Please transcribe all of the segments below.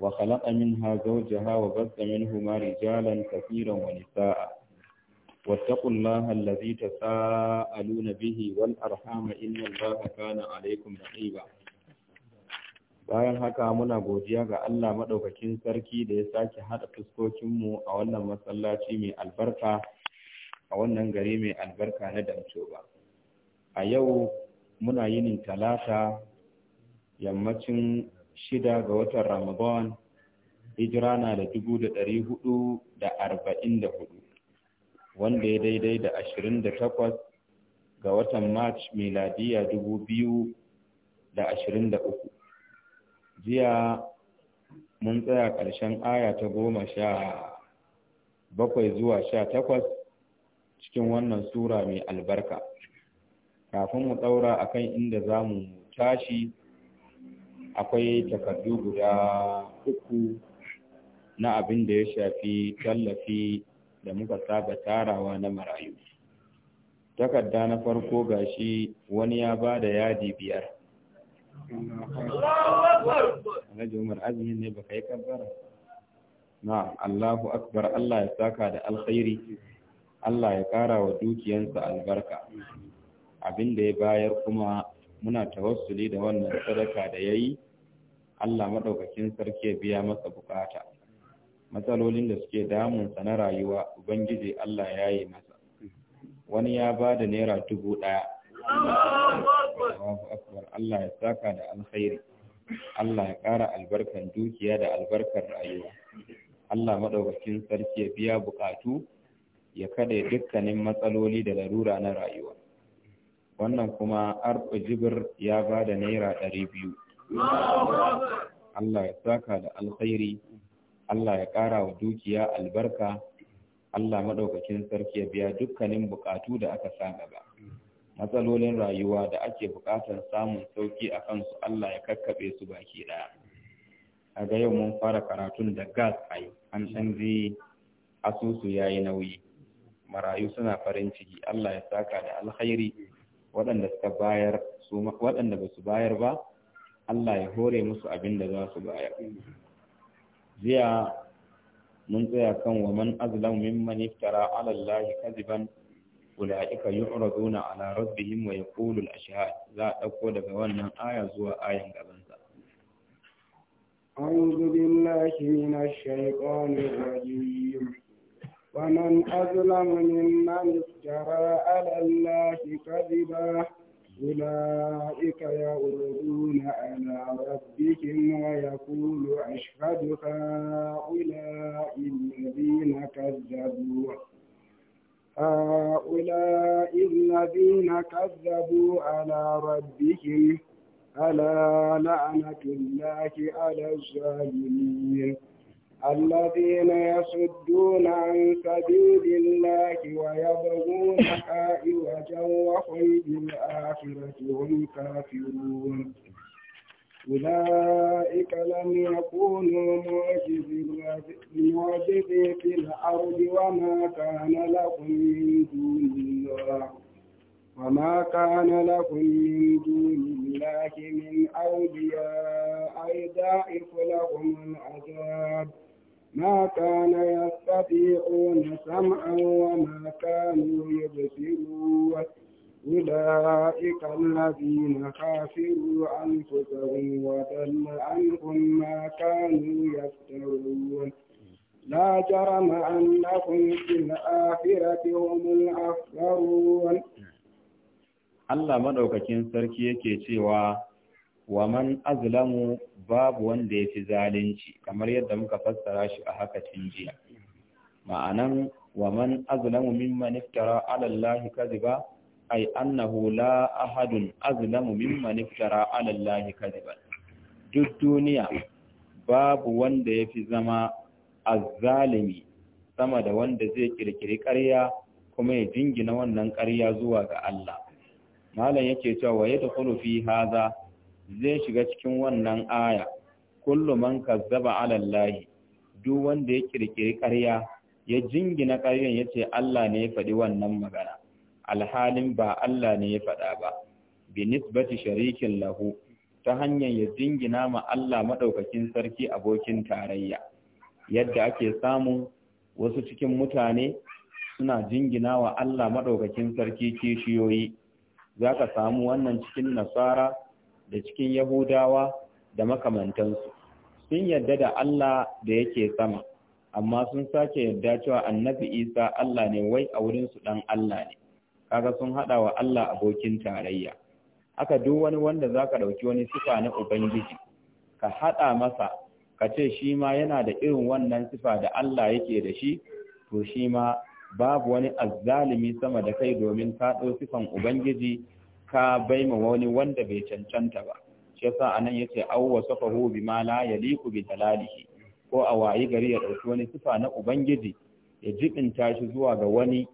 وخلق منها زوجها وبث منهما رجالا كثيرا ونساء واتقوا الله الذي تساءلون به والأرحام إن الله كان عليكم رقيبا bayan haka muna godiya ga Allah maɗaukakin sarki da ya sake haɗa fuskokinmu a wannan masallaci mai albarka a wannan gari mai albarka na damcoba a yau muna yinin talata yammacin shida ga watan Ramadan hijira na da dubu da ɗari hudu da arba'in da hudu wanda ya daidai da ashirin da takwas ga watan March miladiya dubu biyu da ashirin da uku. Jiya mun tsaya ƙarshen aya ta goma sha bakwai zuwa sha takwas cikin wannan sura mai albarka. Kafin mu ɗaura akan inda za mu tashi akwai takardu guda uku na abin da ya shafi tallafi da muka saba tarawa na marayu takarda na farko gashi wani ya ba da yadi biyar Na Allahu Akbar Allah ya saka da alkhairi, Allah ya ƙara wa dukiyansa albarka. Abin da ya bayar kuma muna tawassuli da wannan sadaka da yayi Allah maɗaukakin sarki ya biya masa bukata matsalolin da suke damunsa na rayuwa ubangiji Allah ya yi masa wani ya ba da naira dubu ɗaya Allah ya saka da alkhairi Allah ya ƙara albarkan dukiya da albarkar rayuwa Allah maɗaukakin sarki ya biya bukatu ya kaɗe dukkanin matsaloli da larura na rayuwa wannan kuma arfa jibir ya ba da naira ɗari biyu Allah ya saka da alkhairi Allah ya ƙara wa dukiya albarka Allah maɗaukakin sarki ya biya dukkanin buƙatu da aka sa gaba matsalolin rayuwa da ake buƙatar samun sauki a kansu Allah ya kakkaɓe su baki ɗaya a ga yau mun fara karatun da gas a yi an canji asusu ya yi nauyi marayu suna farin ciki Allah ya saka da alkhairi waɗanda waɗanda ba su bayar ba Allah ya hore musu abin da za su bayar jiya mun tsaya kan wa man azlamu mimman iftara ala Allah kadiban ulaika yu'raduna ala rabbihim wa yaqulu al-ashhad za a dauko daga wannan aya zuwa ayan gaban sa أعوذ بالله من الشيطان الرجيم ومن أظلم ممن افترى على الله كذبا أولئك يغرضون على ربهم ويقول أشهد هؤلاء الذين كذبوا هؤلاء الذين كذبوا على ربهم ألا لعنة الله على الظالمين الذين يصدون عن سبيل الله ويبغونها عوجا وهم بالآخرة هم كافرون أولئك لم يكونوا معجزين في الأرض وما كان لهم من دون الله وما كان لكم من دون الله من أولياء يضاعف لهم العذاب ما كان يستطيعون سمعا وما كانوا يبصرون أولئك الذين خافروا أنفسهم وضل عنهم ما كانوا يفترون لا جرم أنهم في الآخرة هم الأخسرون Allah madaukakin sarki yake cewa wa man azlamu babu wanda ya fi zalunci kamar yadda muka fassara shi a haka jiya ma'anan wa man azlamu mimman iftara ala allahi kadhiba ay annahu la ahadun azlamu mimman iftara ala allahi kadhiba duk duniya babu wanda ya fi zama azzalimi sama da wanda zai kirkiri ƙarya kuma ya jingina wannan ƙarya zuwa ga Allah malam yake cewa wa yadkhulu fi hadha zai shiga cikin wannan aya kullu man kazzaba ala Allah duk wanda ya kirkiri ƙarya ya jingina ƙaryan yace Allah ne ya faɗi wannan magana alhalin ba Allah ne ya faɗa ba bi nisbati sharikin lahu ta hanyar ya jingina ma Allah madaukakin sarki abokin tarayya yadda ake samu wasu cikin mutane suna jingina wa Allah madaukakin sarki kishiyoyi zaka samu wannan cikin nasara da cikin Yahudawa da makamantansu sun yarda da Allah da yake sama amma sun sake yarda cewa annabi Isa Allah ne wai a wurin su dan Allah ne kaga sun hada wa Allah abokin tarayya aka duk wani wanda zaka dauki wani sifa na ubangiji ka hada masa ka ce shi ma yana da irin wannan sifa da Allah yake da shi to shi ma babu wani azzalimi sama da kai domin ka dau sifan ubangiji ka bai ma wani wanda bai cancanta ba shi yasa anan yace aw wasafahu bima la yaliku bi dalalihi ko a wayi gari ya dauki wani sifa na ubangiji ya jibinta shi zuwa ga wani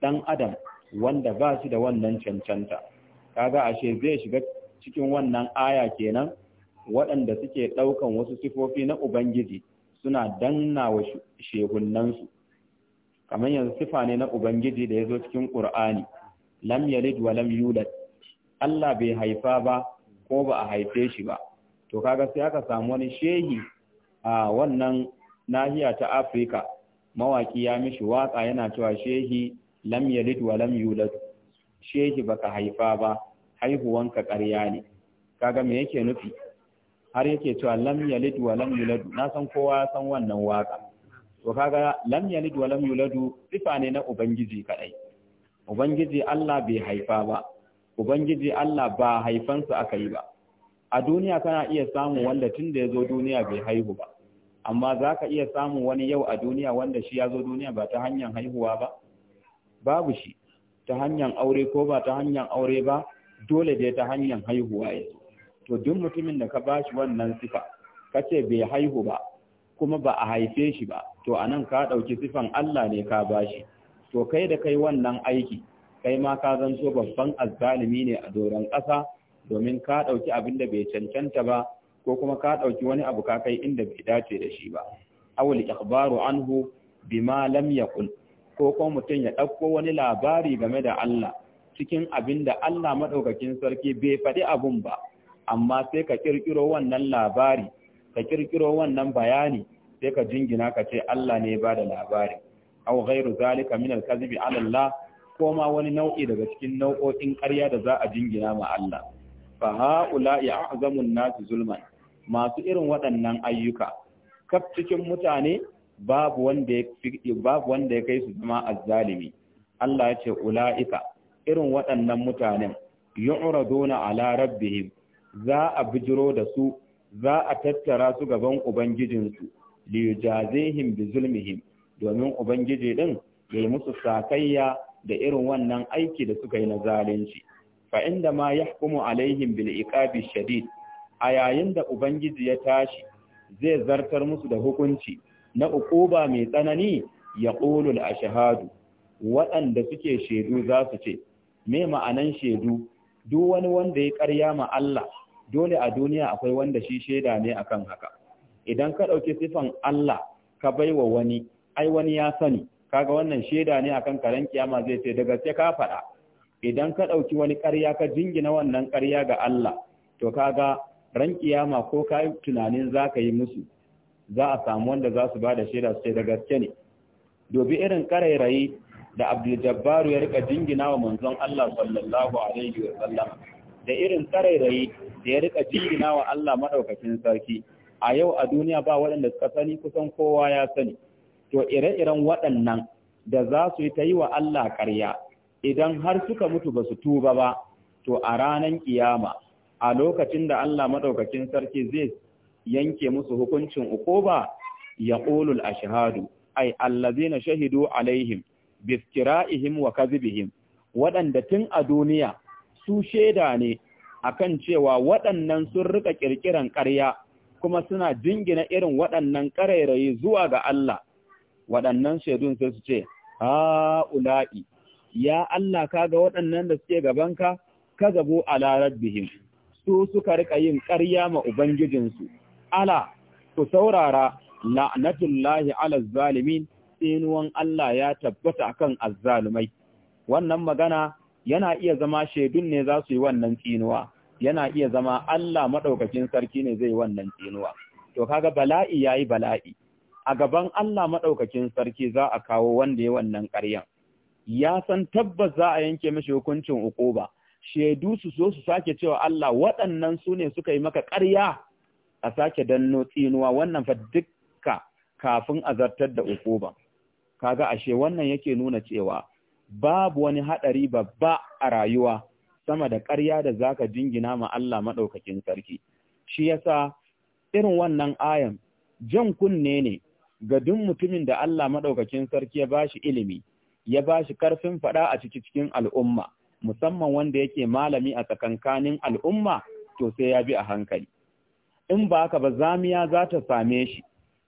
dan adam wanda ba shi da wannan cancanta kaga ashe zai shiga cikin wannan aya kenan waɗanda suke ɗaukan wasu sifofi na ubangiji suna danna wa shehunnansu kamar yanzu sifa ne na ubangiji da ya zo cikin ƙur'ani lam yalid wa lam yulad Allah bai haifa ba ko ba a haife shi ba to kaga sai aka samu wani shehi a wannan nahiya ta Afirka mawaki ya mishi waka yana cewa shehi lam yalid wa lam yulad shehi baka haifa ba haihuwanka ƙarya ne kaga me yake nufi har yake cewa lam yalid wa lam yulad na san kowa ya san wannan waka to kaga lam yalid wa lam yulad sifa ne na ubangiji kadai ubangiji Allah bai haifa ba ubangiji Allah ba haifansa aka yi ba a duniya kana iya samu wanda tun da ya zo duniya bai haihu ba amma za ka iya samu wani yau a duniya wanda shi ya zo duniya ba ta hanyar haihuwa ba babu shi ta hanyar aure ko ba ta hanyar aure ba dole dai ta hanyar haihuwa ya to duk mutumin da ka ba shi wannan sifa ka ce bai haihu ba kuma ba a haife shi ba to anan ka ɗauki sifan Allah ne ka ba shi to kai da kai wannan aiki kai ma ka zanto babban azzalimi ne a doron ƙasa domin ka ɗauki abin da bai cancanta ba ko kuma ka ɗauki wani abu ka kai inda bai dace da shi ba awul ikhbaru anhu bima lam yaqul ko kuma mutum ya ɗauko wani labari game da Allah cikin abin da Allah madaukakin sarki bai faɗi abun ba amma sai ka kirkiro wannan labari ka kirkiro wannan bayani sai ka jingina ka ce Allah ne ba da labari aw ghairu zalika min al-kadhibi ala Allah ko ma wani nau'i daga cikin nau'o'in ƙarya da za a jingina ma Allah fa haula ya'zamun nas zulman masu irin waɗannan ayyuka kaf cikin mutane babu wanda ya babu wanda ya kai su zama azzalimi Allah ya ce ula'ika irin waɗannan mutanen yu'raduna ala rabbihim za a bijiro da su za a tattara su gaban ubangijinsu yujazihim bi zulmihim domin ubangiji din yayi musu sakayya da irin wannan aiki da suka yi na zalunci fa inda ma yahkumu alaihim bil iqabi shadid a yayin da ubangiji ya tashi zai zartar musu da hukunci na ukuba mai tsanani ya al ashhadu waɗanda suke shedu za su ce me ma'anan shedu duk wani wanda ya ƙarya ma Allah dole a duniya akwai wanda shi sheda ne akan haka idan ka ɗauki sifan Allah ka baiwa wani ai wani ya sani kaga wannan shaida ne akan karan kiyama zai ce da gaske ka faɗa idan ka ɗauki wani ƙarya ka jingina wannan ƙarya ga Allah to kaga ran kiyama ko ka yi tunanin za ka yi musu za a samu wanda za su ba da shaida su ce da gaske ne dobi irin ƙarairayi da Abdul Jabbaru ya rika jingina wa manzon Allah sallallahu alaihi wa sallam da irin ƙarairayi da ya rika jingina wa Allah madaukakin sarki a yau a duniya ba waɗanda suka sani kusan kowa ya sani to ire-iren waɗannan da za su yi ta yi wa Allah ƙarya idan har suka mutu ba su tuba ba to a ranan ƙiyama a lokacin da Allah maɗaukakin sarki zai yanke musu hukuncin ba, ya a qulul ashhadu zai na shahidu alaihim biskira'ihim wa kazibihim waɗanda tun a duniya su shaida ne akan cewa waɗannan sun rika ƙirƙiran ƙarya kuma suna jingina irin waɗannan ƙarairayi zuwa ga Allah waɗannan shaidun sai su ce ha'ula'i ya Allah ga waɗannan da suke gabanka ka a larar bihin? su suka riƙa yin ƙarya ma ubangijinsu ala ku saurara lahi ala zalimin tsinuwan Allah ya tabbata a kan azzalumai wannan magana yana iya zama shaidun ne za su yi wannan tsinuwa yana iya zama Allah maɗaukakin sarki ne zai wannan tsinuwa to kaga bala'i ya yi bala'i a gaban Allah maɗaukakin sarki za a kawo wanda ya wannan ƙaryan. Ya san tabbas za a yanke mashi hukuncin ukuba, shaidu su so su sake cewa Allah waɗannan su ne suka yi maka ƙarya a sake danno tsinuwa wannan fa dukka kafin a zartar da Ka Kaga ashe wannan yake nuna cewa babu wani haɗari babba a rayuwa sama da ƙarya da za ka jingina ma Allah maɗaukakin sarki. Shi yasa irin wannan ayan jan kunne ne ga duk mutumin da Allah maɗaukakin sarki ya bashi ilimi, ya bashi karfin faɗa a ciki cikin al'umma, musamman wanda yake malami a tsakankanin al'umma, to sai ya bi a hankali. In ba haka ba zamiya za ta same shi,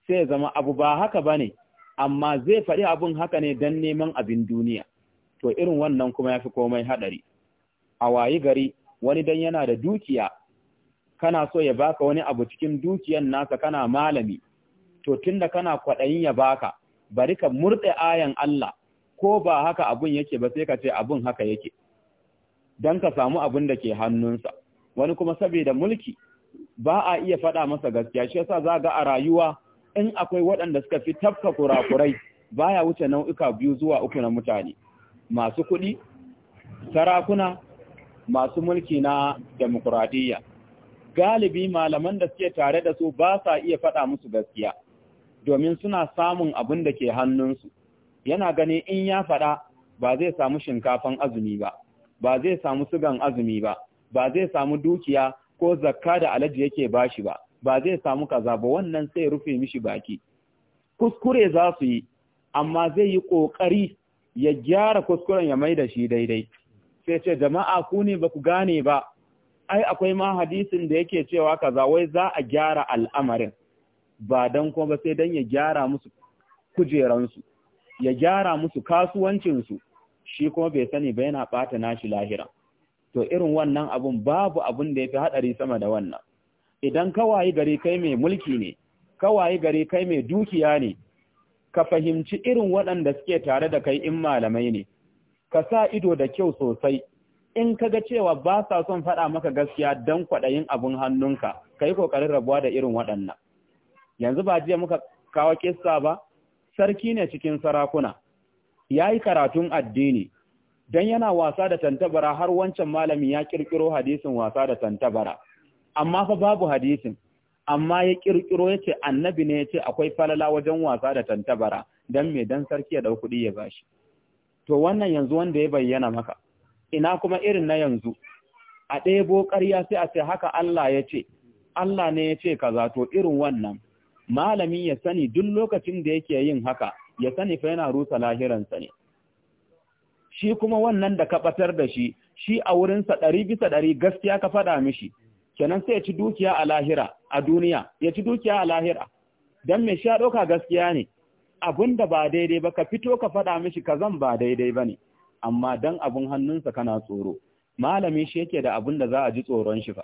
sai ya zama abu ba haka ba ne, amma zai faɗi abun haka ne don neman abin duniya. To irin wannan kuma ya fi komai haɗari. A wayi gari, wani dan yana da dukiya, kana so ya baka wani abu cikin dukiyan nasa kana malami, to tunda kana kwaɗayin ya baka bari ka murɗe ayan Allah ko ba haka abun yake ba sai ka ce abun haka yake don ka samu abun da ke hannunsa wani kuma saboda mulki ba a iya faɗa masa gaskiya shi yasa za ga a rayuwa in akwai waɗanda suka fi tafka kurakurai baya wuce nau'uka biyu zuwa uku na mutane masu kuɗi sarakuna masu mulki na demokuraɗiyya galibi malaman da suke tare da su ba sa iya faɗa musu gaskiya domin suna samun abin da ke hannunsu yana ganin in ya faɗa ba zai samu shinkafan azumi ba ba zai samu sugan azumi ba ba zai samu dukiya ko zakka da alaji yake bashi ba ba zai samu kaza ba wannan sai rufe mishi baki kuskure za su yi amma zai yi ƙoƙari ya gyara kuskuren ya mai da shi daidai sai ce jama'a ku ne ba ku gane ba ai akwai ma hadisin da yake cewa kaza wai za a gyara al'amarin ba don kuma ba sai don ya gyara musu kujeransu, ya gyara musu kasuwancinsu, shi kuma bai sani ba yana ɓata nashi lahira. To irin wannan abun babu abun da ya fi haɗari sama da wannan. Idan kawaye gari kai mai mulki ne, kawaye gari kai mai dukiya ne, ka fahimci irin waɗanda suke tare da kai in malamai ne, ka sa ido da kyau sosai, in ka ga cewa ba sa son faɗa maka gaskiya don kwaɗayin abin hannunka, ka yi ƙoƙarin rabuwa da irin waɗannan. yanzu ba jiya muka kawo kissa ba sarki ne cikin sarakuna yayi karatun addini dan yana wasa da tantabara har wancan malamin ya kirkiro hadisin wasa da tantabara amma fa babu hadisin amma ya kirkiro yace annabi ne yace akwai falala wajen wasa da tantabara dan me dan sarki ya dau kudi ya bashi to wannan yanzu wanda ya bayyana maka ina kuma irin na yanzu a ɗebo ƙarya sai a ce haka Allah ya ce Allah ne ya ce kaza to irin wannan malami ya sani duk lokacin da yake yin haka ya sani fa yana rusa lahiransa ne shi kuma wannan da ka batar da shi shi a wurinsa ɗari bisa ɗari gaskiya ka faɗa mishi kenan sai ya ci dukiya a lahira a duniya ya ci dukiya a lahira don mai sha ɗauka gaskiya ne abin da ba daidai ba ka fito ka faɗa mishi ka zan ba daidai ba ne amma don abin hannunsa kana tsoro malami shi yake da abin da za a ji tsoron shi fa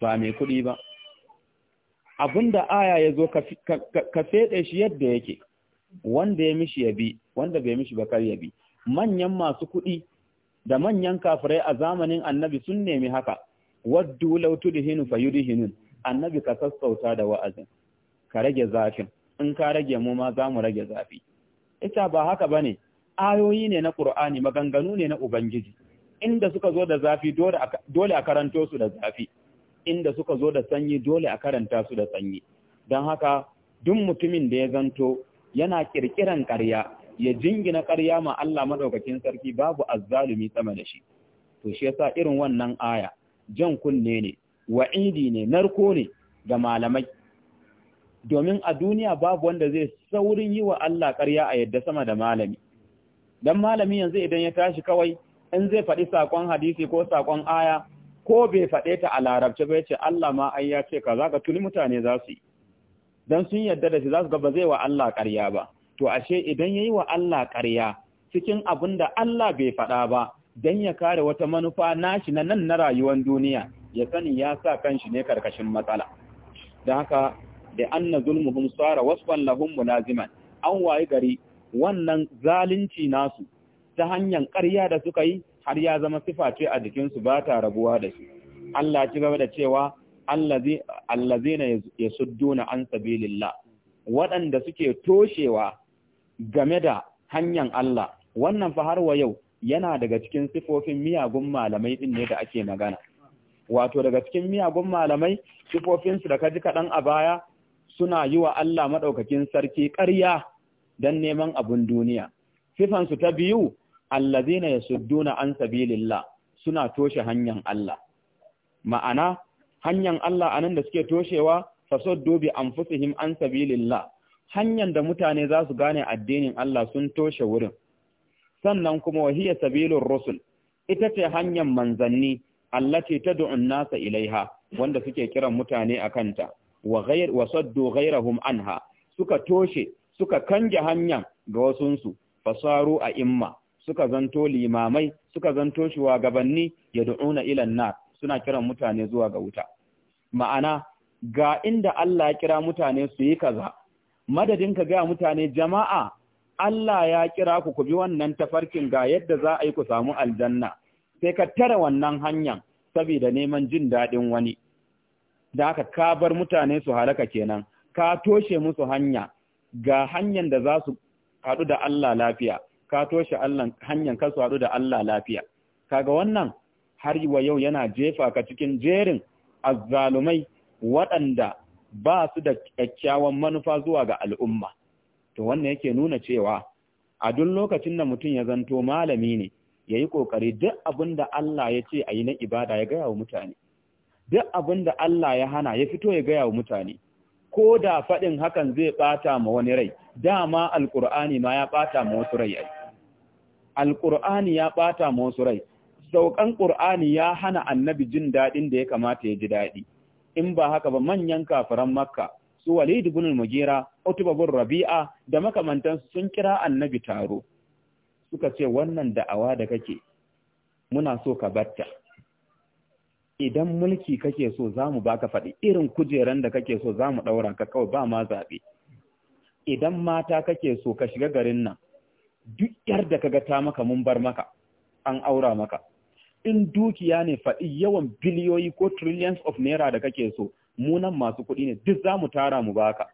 ba mai kuɗi ba abinda aya ya zo ka feɗe shi yadda yake wanda ya mishi ya bi wanda bai mishi ba kar ya bi manyan masu kuɗi da manyan kafirai a zamanin annabi sun nemi haka waddu law tudhinu fayudhinun annabi ka sassauta da wa'azin ka rage zafin in ka rage mu ma za mu rage zafi ita ba haka bane ayoyi ne na Qur'ani maganganu ne na Ubangiji inda suka zo da zafi dole a karanto su da zafi inda suka zo da sanyi dole a karanta su da sanyi don haka duk mutumin da ya zanto yana ƙirƙiran ƙarya ya jingina ƙarya ma Allah maɗaukakin sarki babu azzalumi sama da shi to shi yasa irin wannan aya jan kunne ne wa'idi ne narko ne ga malamai domin a duniya babu wanda zai saurin yi wa Allah ƙarya a yadda sama da malami Don malami yanzu idan ya tashi kawai in zai faɗi saƙon hadisi ko saƙon aya ko bai faɗe ta a larabci ba ce Allah ma an ya ce kaza ka tuni mutane za su yi dan sun yarda da shi za su ga ba zai wa Allah ƙarya ba to ashe idan yayi wa Allah ƙarya cikin abin da Allah bai faɗa ba dan ya kare wata manufa nashi na nan na rayuwar duniya ya sani ya sa kanshi ne karkashin matsala Da haka da anna zulmuhum sara wasfan lahum mulaziman an wayi gari wannan zalunci nasu ta hanyar ƙarya da suka yi har ya zama sifa ce a jikinsu ba ta rabuwa da shi Allah ci gaba da cewa allazina yasudduna an sabilillah waɗanda suke toshewa game da hanyar Allah wannan fa har wa yau yana daga cikin sifofin miyagun malamai din ne da ake magana wato daga cikin miyagun malamai sifofinsu da kaji kaɗan a baya suna yi wa Allah maɗaukakin sarki ƙarya don neman abun duniya sifansu ta biyu allazina yasudduna an sabilillah suna toshe hanyar Allah ma'ana hanyar Allah anan da suke toshewa fasoddu bi anfusihim an sabilillah hanyar da mutane za su gane addinin Allah sun toshe wurin sannan kuma wahiya sabilur rusul ita ce hanyar manzanni allati tad'un nasa ilaiha wanda suke kiran mutane akan ta wa ghayr wa saddu ghayrahum anha suka toshe suka kange hanyar ga wasunsu fasaru a imma suka zanto limamai suka zanto shugabanni dauna ila nar suna kiran mutane zuwa ga wuta ma'ana ga inda Allah ya kira mutane su yi kaza madadin ka ga mutane jama'a Allah ya kira ku ku bi wannan tafarkin ga yadda za a yi ku samu aljanna sai ka tare wannan hanyar saboda neman jin daɗin wani da haka ka bar mutane su halaka kenan ka toshe musu hanya ga hanyar da za su haɗu da Allah lafiya ka toshe Allah hanyar ka haɗu da Allah lafiya kaga wannan har wa yau yana jefa ka cikin jerin azzalumai waɗanda ba su da kyakkyawan manufa zuwa ga al'umma to wannan yake nuna cewa a duk lokacin da mutum ya zanto malami ne ya yi ƙoƙari duk abin da Allah ya ce a yi na ibada ya gaya wa mutane, duk abin da Allah ya hana ya fito ya gaya wa mutane, ko da faɗin hakan zai ɓata ma wani rai, dama Alƙur'ani ma ya ɓata ma wasu rai alƙur'ani ya ɓata masu rai saukan ƙur'ani ya hana annabi jin daɗin da ya kamata ya ji daɗi in ba haka ba manyan kafiran makka su walid ibn al-mugira utba rabi'a da makamantansu sun kira annabi taro suka ce wannan da'awa da kake muna so ka batta idan mulki kake so zamu baka faɗi irin kujeran da kake so zamu ɗaura ka kawai ba ma zaɓe idan mata kake so ka shiga garin nan duk yar da kaga ta maka mun bar maka an aura maka in dukiya ne faɗi yawan biliyoyi ko trillions of naira da kake so mu nan masu kuɗi ne duk zamu tara mu baka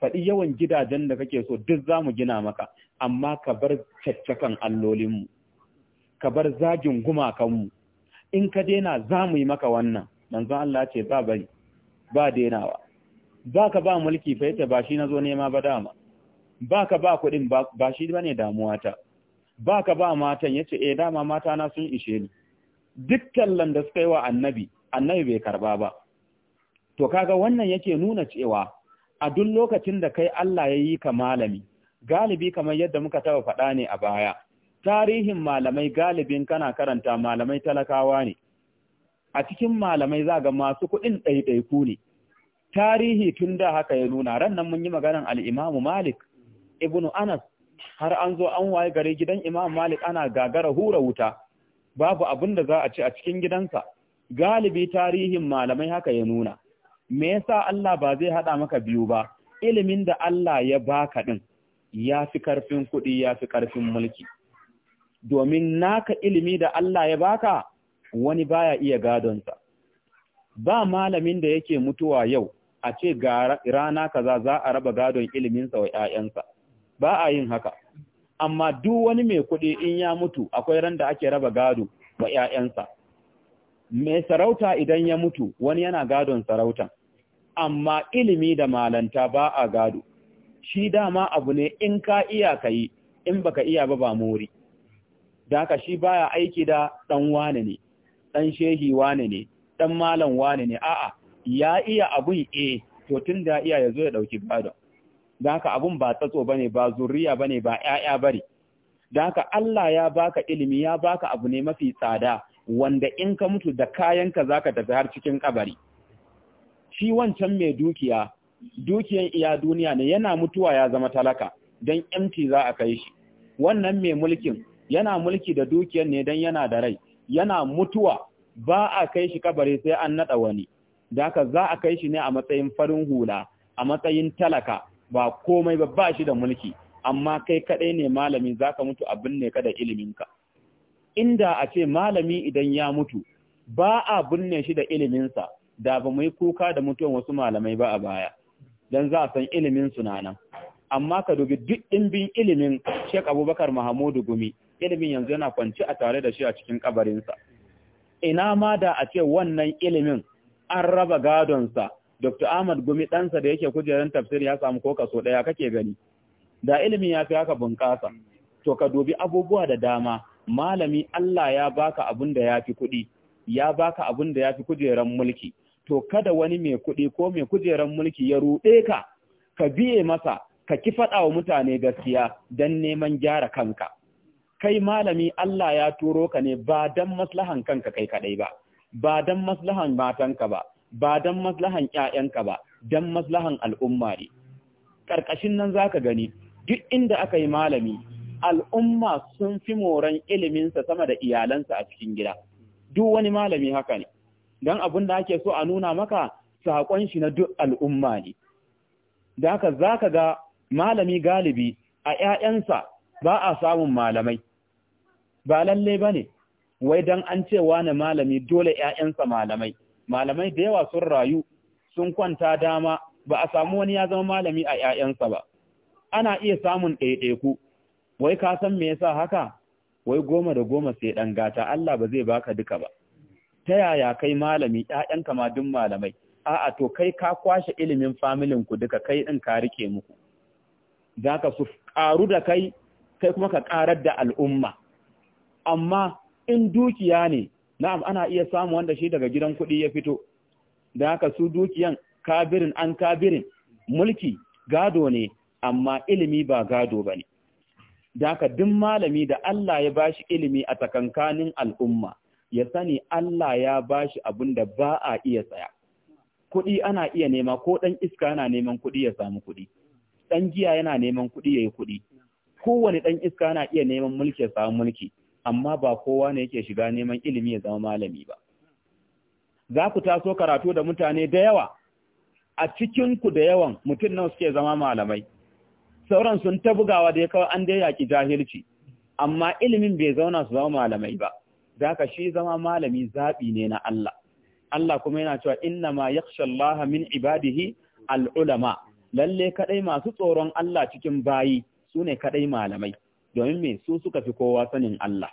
faɗi yawan gidajen da kake so duk zamu gina maka amma ka bar caccakan allolinmu ka bar zagin gumakanmu in ka daina zamu yi maka wannan manzon Allah ce ba bari ba denawa ba ka ba mulki fa yace ba shi na zo nema ba dama baka ba kuɗin ba shi bane damuwa ta baka ba matan yace eh dama mata na sun ishe ni Dukkan tallan da suka yi wa annabi annabi bai karba ba to kaga wannan yake nuna cewa a duk lokacin da kai Allah ya yi ka malami galibi kamar yadda muka taba faɗa ne a baya tarihin malamai galibin kana karanta malamai talakawa ne a cikin malamai za ga masu kuɗin ɗaiɗaiku ne tarihi tun da haka ya nuna rannan mun yi maganan al'imamu malik ibnu anas har an zo an waye gare gidan imam malik ana gagara hura wuta babu abin da za a ci a cikin gidansa galibi tarihin malamai haka ya nuna me yasa Allah ba zai hada maka biyu ba ilimin da Allah ya baka din ya fi karfin kuɗi ya fi karfin mulki domin naka ilimi da Allah ya baka wani baya iya gadonsa ba malamin da yake mutuwa yau a ce ga rana kaza za a raba gadon iliminsa wa 'ya'yansa ba a yin haka amma duk wani mai kuɗi in ya mutu akwai randa ake raba gado wa ƴaƴansa mai sarauta idan ya mutu wani yana gadon sarauta. amma ilimi da malanta ba a gado shi dama abu ne in ka iya ka in baka iya ba ba mori da haka shi baya aiki da ɗan wane ne ɗan shehi wane ne ɗan malam wane ne a'a ya iya abun e to tunda da iya yazo ya ɗauki gadon don haka abun ba tsatso bane ba zuriya bane ba ƴaƴa ne don haka Allah ya baka ilimi ya baka abu ne mafi tsada wanda in ka mutu da kayanka ka tafi har cikin kabari shi wancan mai dukiya dukiyan iya duniya ne yana mutuwa ya zama talaka don empty za a kai shi wannan mai mulkin yana mulki da dukiyan ne don yana da rai yana mutuwa ba a kai shi kabari sai an naɗa wani da haka za a kai shi ne a matsayin farin hula a matsayin talaka ba komai ba ba shi da mulki amma kai kaɗai ne malami zaka mutu abin ne kada iliminka inda a ce malami idan ya mutu ba a binne shi da iliminsa da ba mu yi kuka da mutuwan wasu malamai ba a baya don za a san ilimin su nan, amma ka dubi duk ɗimbin ilimin Sheikh Abubakar Mahamudu Gumi ilimin yanzu yana kwanci a tare da shi a cikin kabarinsa ina ma da a ce wannan ilimin an raba gadonsa Dr. Ahmad Gumi ɗansa da yake kujerar tafsir ya samu ko so ɗaya kake gani. Da ilimi ya fi haka bunƙasa, to ka dubi abubuwa da dama, malami Allah ya baka abin da ya fi kuɗi, ya baka abin da ya fi kujerar mulki, to kada wani mai kuɗi ko mai kujerar mulki ya ruɗe ka, ka biye masa, ka ki faɗa wa mutane gaskiya don neman gyara kanka. Kai malami Allah ya turo ka ne ba don maslahan kanka kai kaɗai ba, ba don maslahan matanka ba, ba don maslahan ‘ya'yanka ba, don maslahan al'umma ne. Ƙarƙashin nan za ka gani, duk inda aka yi malami, al'umma sun fi moran iliminsa sama da iyalansa a cikin gida. Duk wani malami haka ne, don abin da ake so a nuna maka saƙon shi na duk al'umma ne. Da haka za ka ga malami galibi a ‘ya'yansa ba a samun malamai, ba lalle ba ne, wai don an ce wane malami dole ‘ya'yansa malamai. malamai da yawa sun rayu sun kwanta dama ba a samu wani ya zama malami a ‘ya'yansa ba, ana iya samun ɗaiɗaiku, wai ka san me yasa haka, wai goma da goma sai ɗan gata Allah ba zai baka duka ba. Ta yaya kai malami ‘ya'yanka ma duk malamai, a'a to kai ka kwashe ilimin familin ku duka kai ɗin ka rike muku. Za ka su ƙaru da kai, kai kuma ka ƙarar da al'umma. Amma in dukiya ne, na'am ana iya samu wanda shi daga gidan kuɗi ya fito da haka su dukiyan kabirin an kabirin mulki gado ne amma ilimi ba gado ba ne. da haka duk malami da Allah ya bashi ilimi a takankanin al'umma ya sani Allah ya bashi abin da ba a iya tsaya kuɗi ana iya nema ko ɗan iska yana neman kuɗi ya samu kuɗi ɗan giya yana neman kuɗi ya yi kuɗi kowane ɗan iska yana iya neman mulki ya samu mulki amma ba kowa ne yake shiga neman ilimi ya zama malami ba za ku taso karatu da mutane da yawa a cikin ku da yawan mutum nan suke zama malamai sauran sun ta bugawa da ya kawai an dai yaki jahilci amma ilimin bai zauna su zama malamai ba zaka shi zama malami zaɓi ne na Allah Allah kuma yana cewa inna ma yakhsha Allah min ibadihi al'ulama. ulama lalle kadai masu tsoron Allah cikin bayi sune kaɗai malamai domin me su suka fi kowa sanin Allah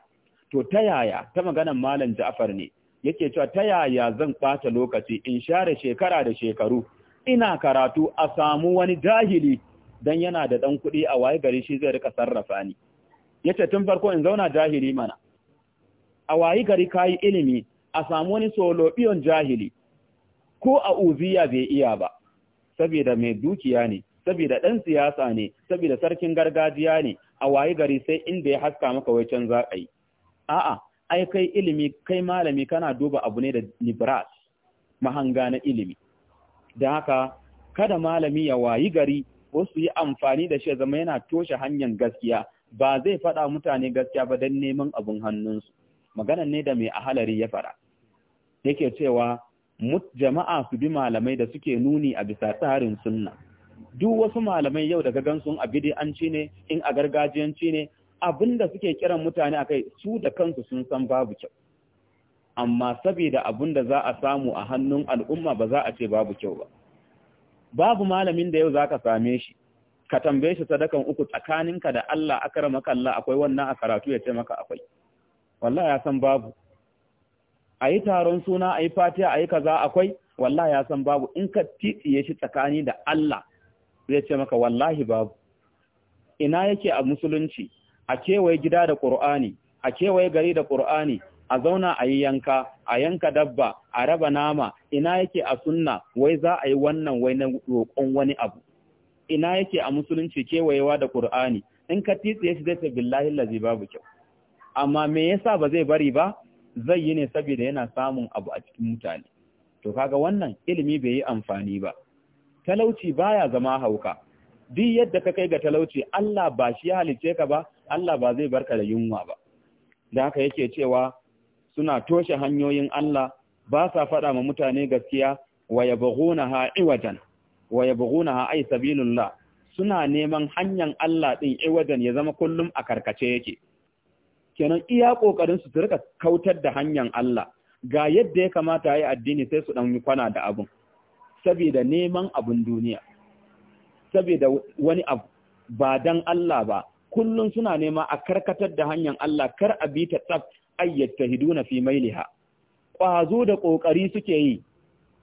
to ta yaya ta maganan malam Ja'far ne yake cewa ta yaya zan ɓata lokaci in share shekara da shekaru ina karatu a samu wani jahili dan yana da ɗan kuɗi a waye gari shi zai rika sarrafa ni yace tun farko in zauna jahili mana a waye gari kai ilimi a samu wani solo solobiyon jahili ko a uziya bai iya ba saboda mai dukiya ne saboda ɗan siyasa ne saboda sarkin gargajiya ne a wayi gari sai inda ya haska maka wai can za ka yi a'a ai kai ilimi kai malami kana duba abu ne da nibras mahanga na ilimi da haka kada malami ya wayi gari ko su yi amfani da shi zama yana toshe hanyar gaskiya ba zai faɗa mutane gaskiya ba don neman abin hannunsu maganan ne da mai ahalari ya faɗa yake cewa jama'a su bi malamai da suke nuni a bisa tsarin sunna duk wasu malamai yau daga gansu a ci ne in a gargajiyanci ne abinda suke kiran mutane akai su da kansu sun san babu kyau amma saboda da za a samu a hannun al'umma ba za a ce babu kyau ba babu malamin da yau zaka same shi ka tambaye shi sadakan uku tsakaninka da Allah akramaka Allah akwai wannan a karatu ya ce maka akwai wallahi ya san babu ayi taron suna ayi fatiha ayi kaza akwai wallahi ya san babu in ka titiye shi tsakani da Allah zai ce maka wallahi babu ina yake a musulunci a kewaye gida da ƙur'ani a kewaye gari da ƙur'ani a zauna a yi yanka a yanka dabba a raba nama ina yake a sunna wai za a yi wannan wai na roƙon wani abu ina yake a musulunci kewayewa da ƙur'ani in ka titsiye shi zai ce billahi lazi babu kyau amma me yasa ba zai bari ba zai yi ne saboda yana samun abu a cikin mutane to kaga wannan ilimi bai yi amfani ba talauci baya zama hauka duk yadda ka kai ga talauci Allah ba shi ya halice ka ba Allah ba zai barka da yunwa ba da haka yake cewa suna toshe hanyoyin Allah ba sa faɗa ma mutane gaskiya wa yabghunaha iwajan wa yabghunaha ay sabilullah suna neman hanyar Allah din iwajan ya zama kullum a karkace yake kenan iya kokarin su rika kautar da hanyar Allah ga yadda ya kamata yi addini sai su dan yi kwana da abun saboda neman abin duniya saboda wani abu ba dan Allah ba kullum suna nema a karkatar da hanyar Allah kar a bi ta tsaf ayyata hiduna fi mailiha ƙwazo da ƙoƙari suke yi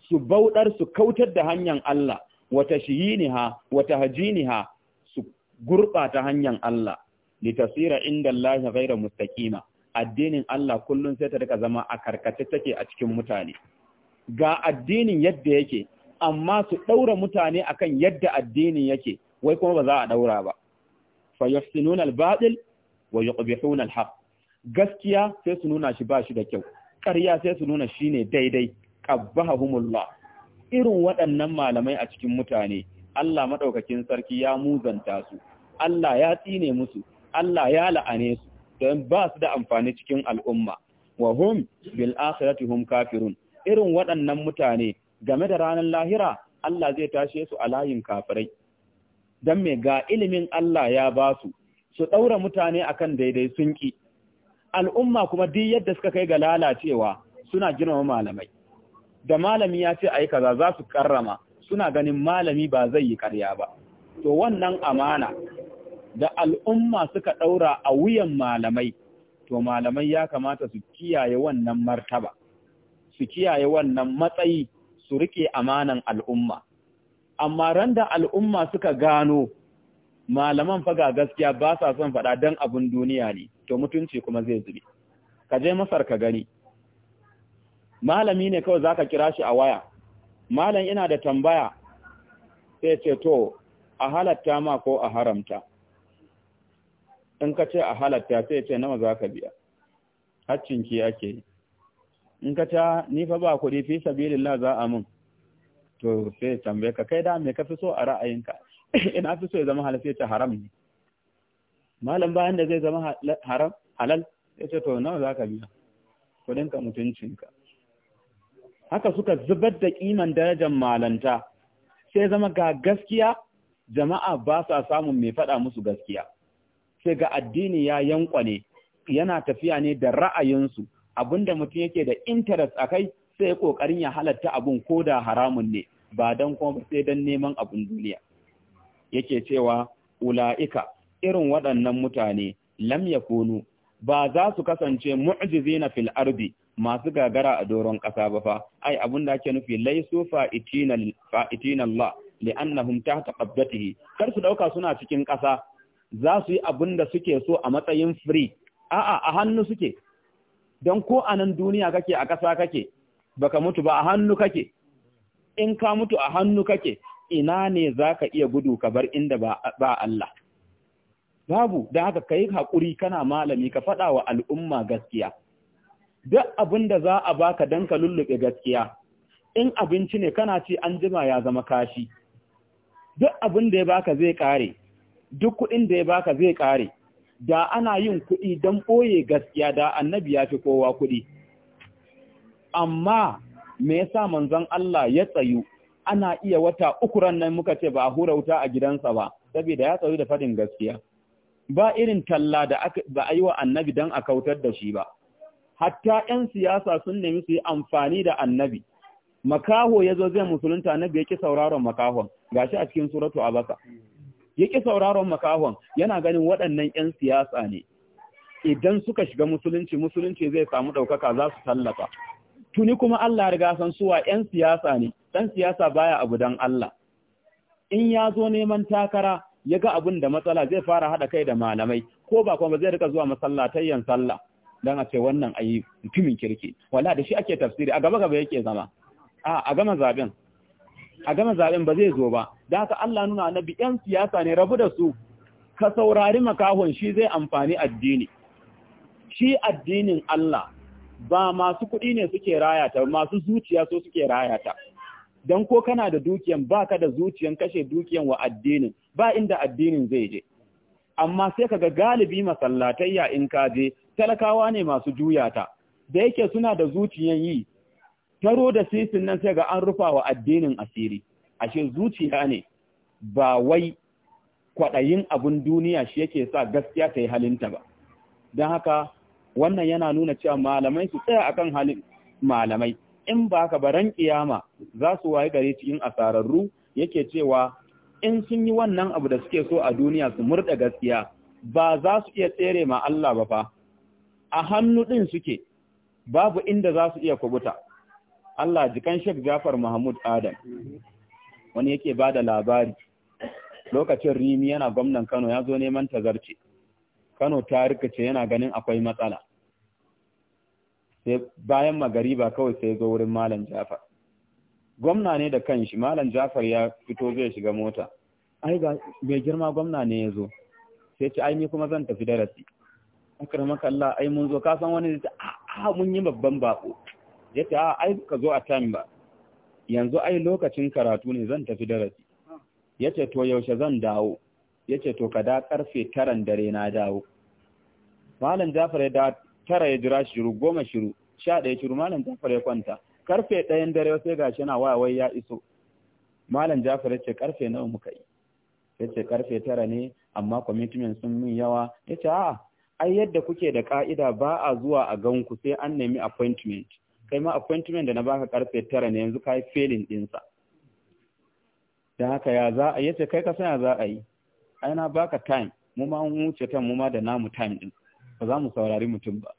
su bauɗar su kautar da hanyar Allah wata shiyiniha wata hajiniha su gurɓata hanyar Allah litasira inda Allah ghaira mustaqima addinin Allah kullum sai ta rika zama a karkace take a cikin mutane ga addinin yadda yake amma su ɗaura mutane akan yadda addinin yake wai kuma ba za a ɗaura ba Fayyar su nuna albaɗil, wa yuqbihuna suna alhaf. gaskiya sai su nuna shi ba shi da kyau ƙarya sai su nuna shi ne daidai qabbahumullah irin waɗannan malamai a cikin mutane Allah maɗaukakin sarki ya muzanta su Allah ya tsine musu Allah ya la'ane su don ba su da amfani cikin al'umma wa hum bil akhirati hum kafirun irin waɗannan mutane game da ranar lahira Allah zai tashe su a layin kafirai don me ga ilimin Allah ya ba su su ɗaura mutane akan daidai sun ƙi al'umma kuma duk yadda suka kai ga lalacewa suna girmama malamai da malami ya ce ai kaza za su karrama suna ganin malami ba zai yi ƙarya ba to wannan amana da al'umma suka ɗaura a wuyan malamai to malamai ya kamata su kiyaye wannan martaba su kiyaye wannan matsayi su rike amanan al'umma amma ran da al'umma suka gano malaman faga gaskiya ba sa son faɗa don abin duniya ne to mutunci kuma zai zube ka je masar ka gani malami ne kawai zaka kira shi a waya malam ina da tambaya sai ce to a halatta ma ko a haramta in ka ce a halatta sai ce nawa zaka biya haccinki ake yi in ka ta ni fa ba kuɗi fi sabilillah za a mun to sai tambaye ka kai da me ka fi so a ra'ayinka ina fi so ya zama halal sai ta haram ne malam bayan da zai zama haram halal ya ce to nawa zaka biya mutuncin mutuncinka haka suka zubar da kiman darajar malanta sai zama ga gaskiya jama'a ba sa samun mai faɗa musu gaskiya sai ga addini ya yankwane yana tafiya ne da ra'ayinsu Abin da mutum yake da interest a kai sai kokarin ya halatta abun ko da haramun ne ba dan kuma sai dan neman abun duniya yake cewa ula'ika irin waɗannan mutane lam yakunu ba za su kasance mu'jizina fil ardi masu gagara a doron ƙasa ba fa ai abin da ake nufi laisu fa'itina Allah li'annahum tahta qabdatihi kar su dauka suna cikin ƙasa za su yi abun da suke so a matsayin free a'a a hannu suke don ko a nan duniya kake a ƙasa kake baka mutu ba a hannu kake in ka mutu a hannu kake ina ne za ka iya gudu ka bar inda ba Allah babu da haka ka yi haƙuri kana malami ka faɗa wa al'umma gaskiya duk abin za a baka don ka lullube gaskiya in abinci ne kana ci an jima ya zama kashi duk abinda ya baka zai ƙare duk kuɗin da ya baka zai ƙare da ana yin kuɗi don ɓoye gaskiya da annabi ya fi kowa kuɗi. Amma me yasa manzon Allah ya tsayu ana iya wata uku nan muka ce ba a hura wuta a gidansa ba, saboda ya tsayu da faɗin gaskiya. Ba irin talla da ba a yi wa annabi don a kautar da shi ba. Hatta ‘yan siyasa sun nemi su yi amfani da annabi. Makaho ya zo zai musulunta na ya ki sauraron makahon, shi a cikin suratu a baka. ya ƙi sauraron makahon yana ganin waɗannan 'yan siyasa ne idan suka shiga musulunci musulunci zai samu ɗaukaka za su tallafa tuni kuma Allah riga san suwa 'yan siyasa ne ɗan siyasa baya abu don Allah in ya zo neman takara ya ga abin da matsala zai fara haɗa kai da malamai ko ba kuma zai rika zuwa masallatayyan sallah don a ce wannan ayi mutumin kirki wala da shi ake tafsiri a gaba gaba yake zama a a gama zaben a gama zaɓen ba zai zo ba da haka Allah nuna annabi yan siyasa ne rabu da su ka saurari makahon shi zai amfani addini shi addinin Allah ba masu kuɗi ne suke rayata masu zuciya so suke rayata don ko kana da dukiyan baka da zuciyan kashe dukiyan wa addinin ba inda addinin zai je amma sai kaga galibi masallatayya in ka je talakawa ne masu juyata da yake suna da zuciyan yi taro da sisin nan sai ga an rufa wa addinin asiri ashe zuciya ne ba wai kwaɗayin abin duniya shi yake sa gaskiya ta yi halinta ba don haka wannan yana nuna cewa malamai su tsaya akan halin malamai in ba ka baran kiyama za su waye gare cikin asararru yake cewa in sun yi wannan abu da suke so a duniya su murda gaskiya ba za su iya tsere ma Allah ba fa a hannu din suke babu inda za su iya kubuta Allah jikan Sheikh Jafar Mahmud Adam wani yake bada labari lokacin Rimi yana gwamnan Kano ya zo neman tazarce Kano ta rikice yana ganin akwai matsala sai bayan magariba kawai sai zo wurin Malam Jafar gwamna ne da kanshi Malam Jafar ya fito zai shiga mota ai ga mai girma gwamna ne yazo zo sai ce ai ni kuma zan tafi darasi akramaka Allah ai mun zo ka san wani a mun yi babban bako ya ce a ai ka zo a time ba yanzu ai lokacin karatu ne zan tafi darasi ya ce to yaushe zan dawo ya ce to ka da karfe taran dare na dawo malam jafar ya da tara ya jira shiru goma shiru sha ɗaya shiru malam jafar ya kwanta karfe ɗayan dare sai ga shi na wayawai ya iso malam jafar ya ce karfe nawa muka yi ya ce karfe tara ne amma commitment sun min yawa ya ce a ai yadda kuke da ka'ida ba a zuwa a ganku sai an nemi appointment kai ma appointment da na baka karfe tara ne yanzu ka yi failing ɗinsa da haka ya za a yace kai ka sanya za a yi ai na baka time mu ma mun wuce ta, mu ma da namu time din ba za mu saurari mutum ba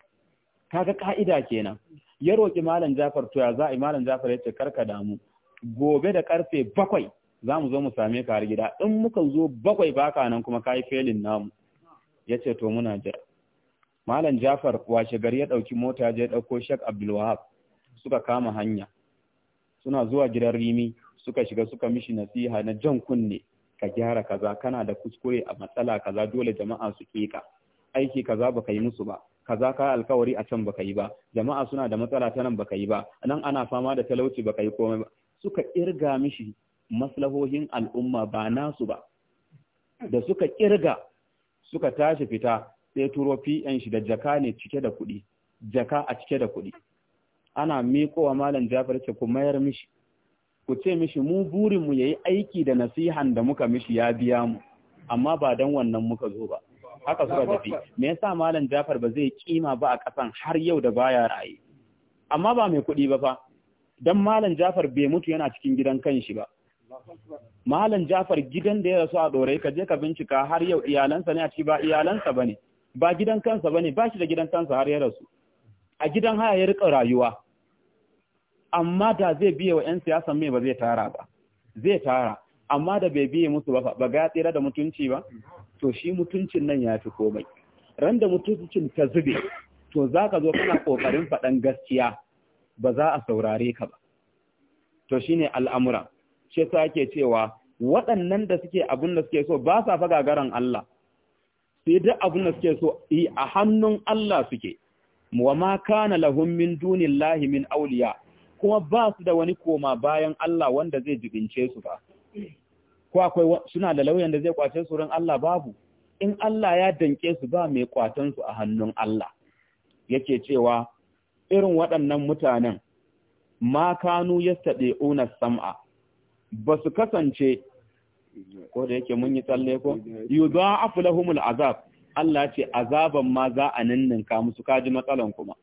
kaga ka'ida kenan ya roki malam Jafar to ya za a yi malam Jafar yace karka damu gobe da karfe bakwai za mu zo mu same ka har gida in muka zo bakwai baka nan kuma kai failing namu yace to muna jira malam Jafar washe gari ya ɗauki mota je dauko Sheikh Abdul Wahab suka kama hanya suna zuwa gidan rimi suka shiga suka mishi nasiha na jan kunne ka gyara kaza kana da kuskure a matsala kaza dole jama'a su keka. aiki kaza baka yi musu ba kaza ka alkawari a can baka yi ba jama'a suna da matsala ta nan baka yi ba nan ana fama da talauci baka yi komai ba suka kirga mishi maslahohin al'umma ba nasu ba da suka kirga suka tashi fita sai turo fi'an shi da jaka ne cike da kuɗi jaka a cike da kuɗi ana mikowa malam Jafar ce ku mayar mishi ku ce mishi mu burin mu yayi aiki da nasihan da muka mishi ya biya mu amma ba dan wannan muka zo ba haka suka tafi me yasa malam Jafar ba zai kima ba a kasan har yau da baya raye amma ba mai kuɗi ba fa dan malam Jafar bai mutu yana cikin gidan kanshi ba malam Jafar gidan da ya rasu a dorai ka je ka bincika har yau iyalansa ne a ciki ba iyalansa bane ba gidan kansa bane ba shi da gidan kansa har ya rasu a gidan haya ya riƙa rayuwa amma da zai biye wa 'yan siyasan mai ba zai tara ba zai tara amma da bai biya musu ba ba ga tsira da mutunci ba to shi mutuncin nan ya fi komai ran da mutuncin ta zube to za ka zo kana ƙoƙarin faɗan gaskiya ba za a saurare ka ba to shi ne al'amura shi sa ake cewa waɗannan da suke abin da suke so ba sa fa gagaran Allah sai duk abin da suke so a hannun Allah suke wa ma kana lahum min dunillahi min awliya kuma ba su da wani koma bayan Allah wanda zai jibince su ba ko akwai suna da lauyan da zai kwace su ran Allah babu in Allah ya danke su ba mai kwatan su a hannun Allah yake cewa irin waɗannan mutanen ma kanu yastadi'una sam'a ba su kasance ko da yake mun yi tsalle ko yudha'afu lahumul azab Allah ce azaban ma za a ninninka musu kaji matsalan kuma.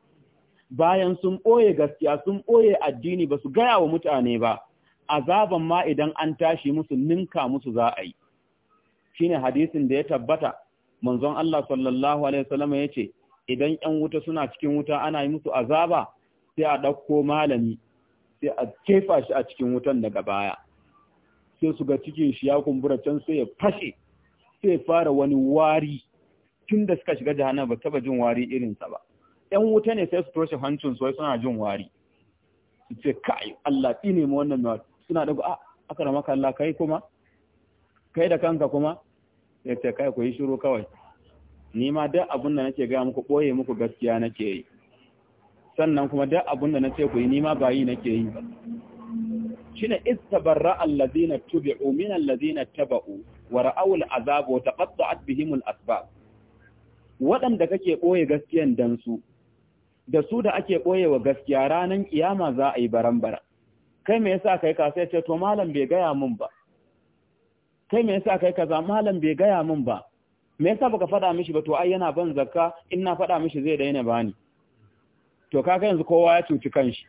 Bayan sun ɓoye gaskiya sun ɓoye addini ba su gaya wa mutane ba, azaban ma idan an tashi musu ninka musu za a yi. Shi hadisin da ya tabbata, manzon Allah sallallahu Alaihi wasallama ya ce, idan ‘yan wuta suna cikin wuta ana yi musu azaba, sai a ɗauko malami, sai a kefa shi a cikin wutan daga baya. Sai su ga cikin shi ya kumbura can sai ya fashe, sai fara wani wari. tun da suka shiga jahannama ba taba jin wari irinsa ba ‘yan wuta ne sai su toshe hancin su suna jin wari su ce kai Allah ne mu wannan nawa suna da a ah, aka rama Allah kai kuma kai da kanka kuma sai ce kai ku yi shiru kawai ni ma da abun da nake ga muku boye muku gaskiya nake yi sannan kuma da abun da nake ku yi ni ma ba yi nake yi ba shine istabarra alladhina tubi'u min alladhina taba'u wa ra'aw al'azab wa taqatta'at bihim al'asbab waɗanda kake ɓoye gaskiyan dan su da su da ake ɓoye wa gaskiya ranan ƙiyama za a yi barambara kai me yasa kai ka ce to malam bai gaya mun ba kai me yasa kai kaza malam bai gaya mun ba me yasa baka faɗa mishi ba to ai yana ban zakka in na faɗa mishi zai daina bani to kaka yanzu kowa ya cuci kanshi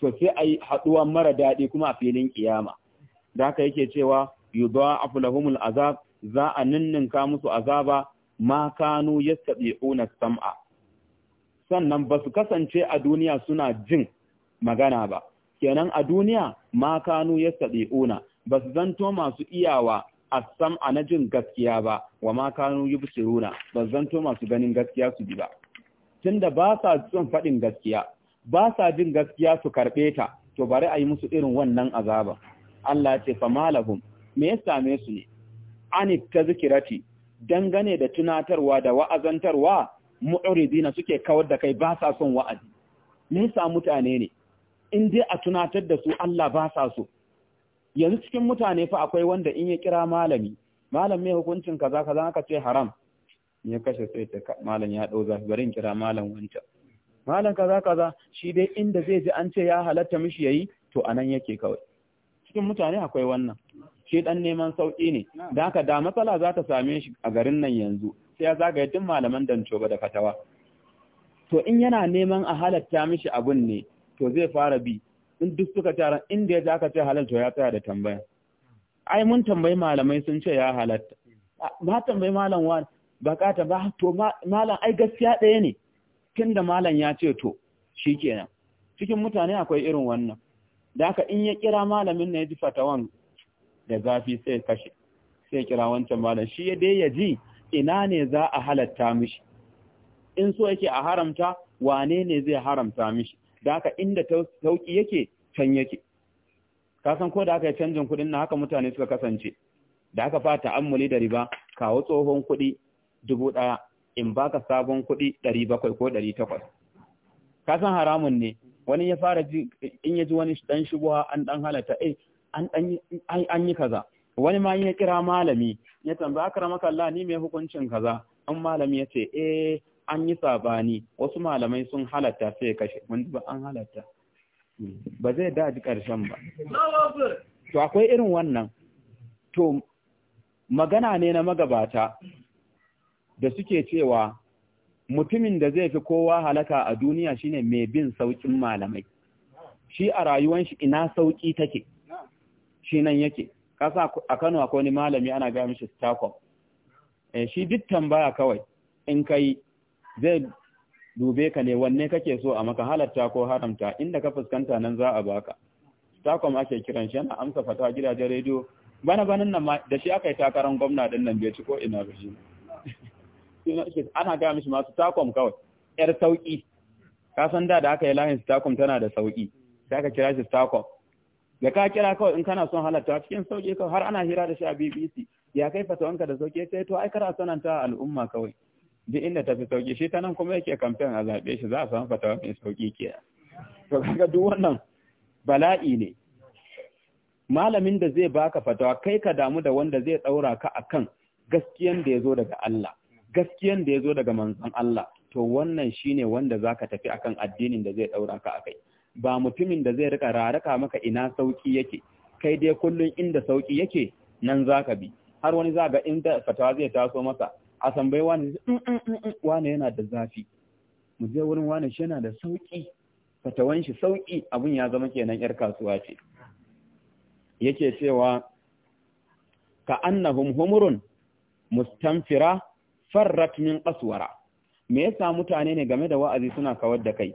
to sai a yi haɗuwan mara daɗi kuma a filin ƙiyama da haka yake cewa yudha'afu lahumul azab za a ninninka musu azaba ma kanu yastabi'una sam'a sannan ba su kasance a duniya suna jin magana ba kenan a duniya ma kanu yastabi'una ba su zanto masu iyawa as-sam'a na jin gaskiya ba wa ma kanu yubsiruna ba su zanto masu ganin gaskiya su bi ba tunda ba sa son faɗin gaskiya ba sa jin gaskiya su karɓe ta to bari a yi musu irin wannan azaba Allah ya ce fa malahum me ya same su ne ani tazkirati dangane da tunatarwa da wa'azantarwa na suke kawar da kai ba sa son wa'azi me yasa mutane ne in dai a tunatar da su Allah ba sa so yanzu cikin mutane fa akwai wanda in ya kira malami malam mai hukuncin kaza kaza aka ce haram ya kashe sai ta malam ya dau zafi bari in kira malam wancan malam kaza kaza shi dai inda zai ji an ce ya halatta mishi yayi to anan yake kawai cikin mutane akwai wannan shi dan neman sauki ne dan haka da matsala za ta same shi a garin nan yanzu sai ya zagaye duk malaman dancoba da fatawa to in yana neman a halatta mishi abun ne to zai fara bi in duk suka tara inda ya za ka ce halal to ya tsaya da tambaya ai mun tambayi malamai sun ce ya halatta ba tambayi malam wani bakata ba to malam ai gaskiya ɗaya ne tun da malam ya ce to shikenan cikin mutane akwai irin wannan da in ya kira malamin na ya ji fatawan da zafi sai kashe sai kira wancan malam shi ya dai ya ji ina ne za a halatta mishi in so yake a haramta wane ne zai haramta mishi da haka inda sauki yake can yake ka san ko da aka yi canjin kuɗin na haka mutane suka kasance da aka fata ta'ammuli da riba kawo tsohon kuɗi dubu ɗaya in baka sabon kuɗi ɗari bakwai ko ɗari takwas ka san haramun ne wani ya fara in ya ji wani ɗan shigowa an ɗan halatta eh an yi kaza wani ma ya kira malami ya tambaya karamaka Allah ni mai hukuncin kaza an malami ya ce eh an yi sabani wasu malamai sun halatta sai ya kashe mun ba an halatta ba zai daji karshen ba to akwai irin wannan to magana ne na magabata da suke cewa mutumin da zai fi kowa halaka a duniya shine mai bin saukin malamai shi a rayuwan shi ina sauki take shi nan yake kasa a Kano akwai wani malami ana ga mishi Stockholm eh, shi duk tambaya kawai in kai zai dube ka ne wanne kake so a maka halatta ko haramta inda ka fuskanta nan za a baka Stockholm ake kiran shi yana amsa fata gidajen rediyo bana banan nan ma da shi aka yi takarar gwamna din nan bai ci ko ina ba shi ana ga mishi masu Stockholm kawai yar sauki ka san da da aka yi layin Stockholm tana da sauki sai aka kira shi Stockholm ya ka kira kawai in kana son halatta cikin sauki kawai har ana hira da shi a BBC ya kai fatawanka da sauki sai to ai kana a al'umma kawai duk inda tafi sauki shi ta nan kuma yake kamfen a zaɓe shi za a samu fatawa mai sauki ke to kaga duk wannan bala'i ne malamin da zai baka fatawa kai ka damu da wanda zai ɗaura ka akan gaskiyan da ya zo daga Allah gaskiyan da ya zo daga manzon Allah to wannan shine wanda zaka tafi akan addinin da zai ɗaura ka akai ba mutumin da zai rika raraka maka ina sauki yake kai dai kullun inda sauki yake nan zaka bi har wani za inda fatawa zai taso masa a san wani wani yana da zafi mu je wurin wani shi yana da sauki fatawan shi sauki abun ya zama kenan yar kasuwa ce yake cewa ka annahum humurun mustanfira farrat min qaswara me yasa mutane ne game da wa'azi suna kawar da kai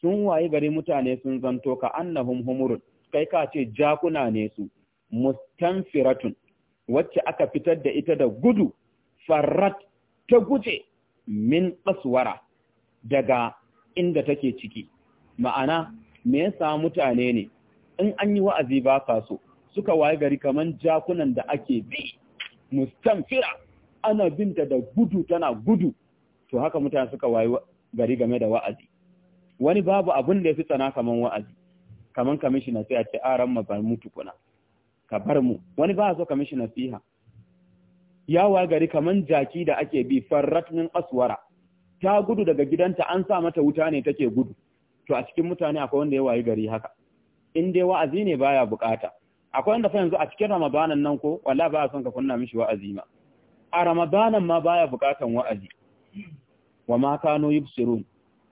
sun waye gari mutane sun zanto ka annahum humurun kai ka ce jakuna ne su mustanfiratun wacce aka fitar da ita da gudu farrat ta guje min aswara daga inda take ciki ma'ana me yasa mutane ne in an yi wa'azi ba ka so suka waye gari kaman jakunan da ake bi mustanfira ana binta da gudu tana gudu to haka mutane suka waye gari game da wa'azi wani babu abin da ya fi tsana kaman wa'azi kaman kamishina sai a ce a ran mabar mutu tukuna ka bar mu wani ba so kamishina siha yawa gari kaman jaki da ake bi farrat min aswara ta gudu daga gidanta an sa mata wuta ne take gudu to a cikin mutane akwai wanda ya wayi gari haka in dai wa'azi ne baya bukata akwai wanda fa yanzu a cikin ramadanan nan ko wallahi ba son ka kunna mishi wa'azi ma a ramadanan ma baya bukatan wa'azi wa ma kanu yubsirun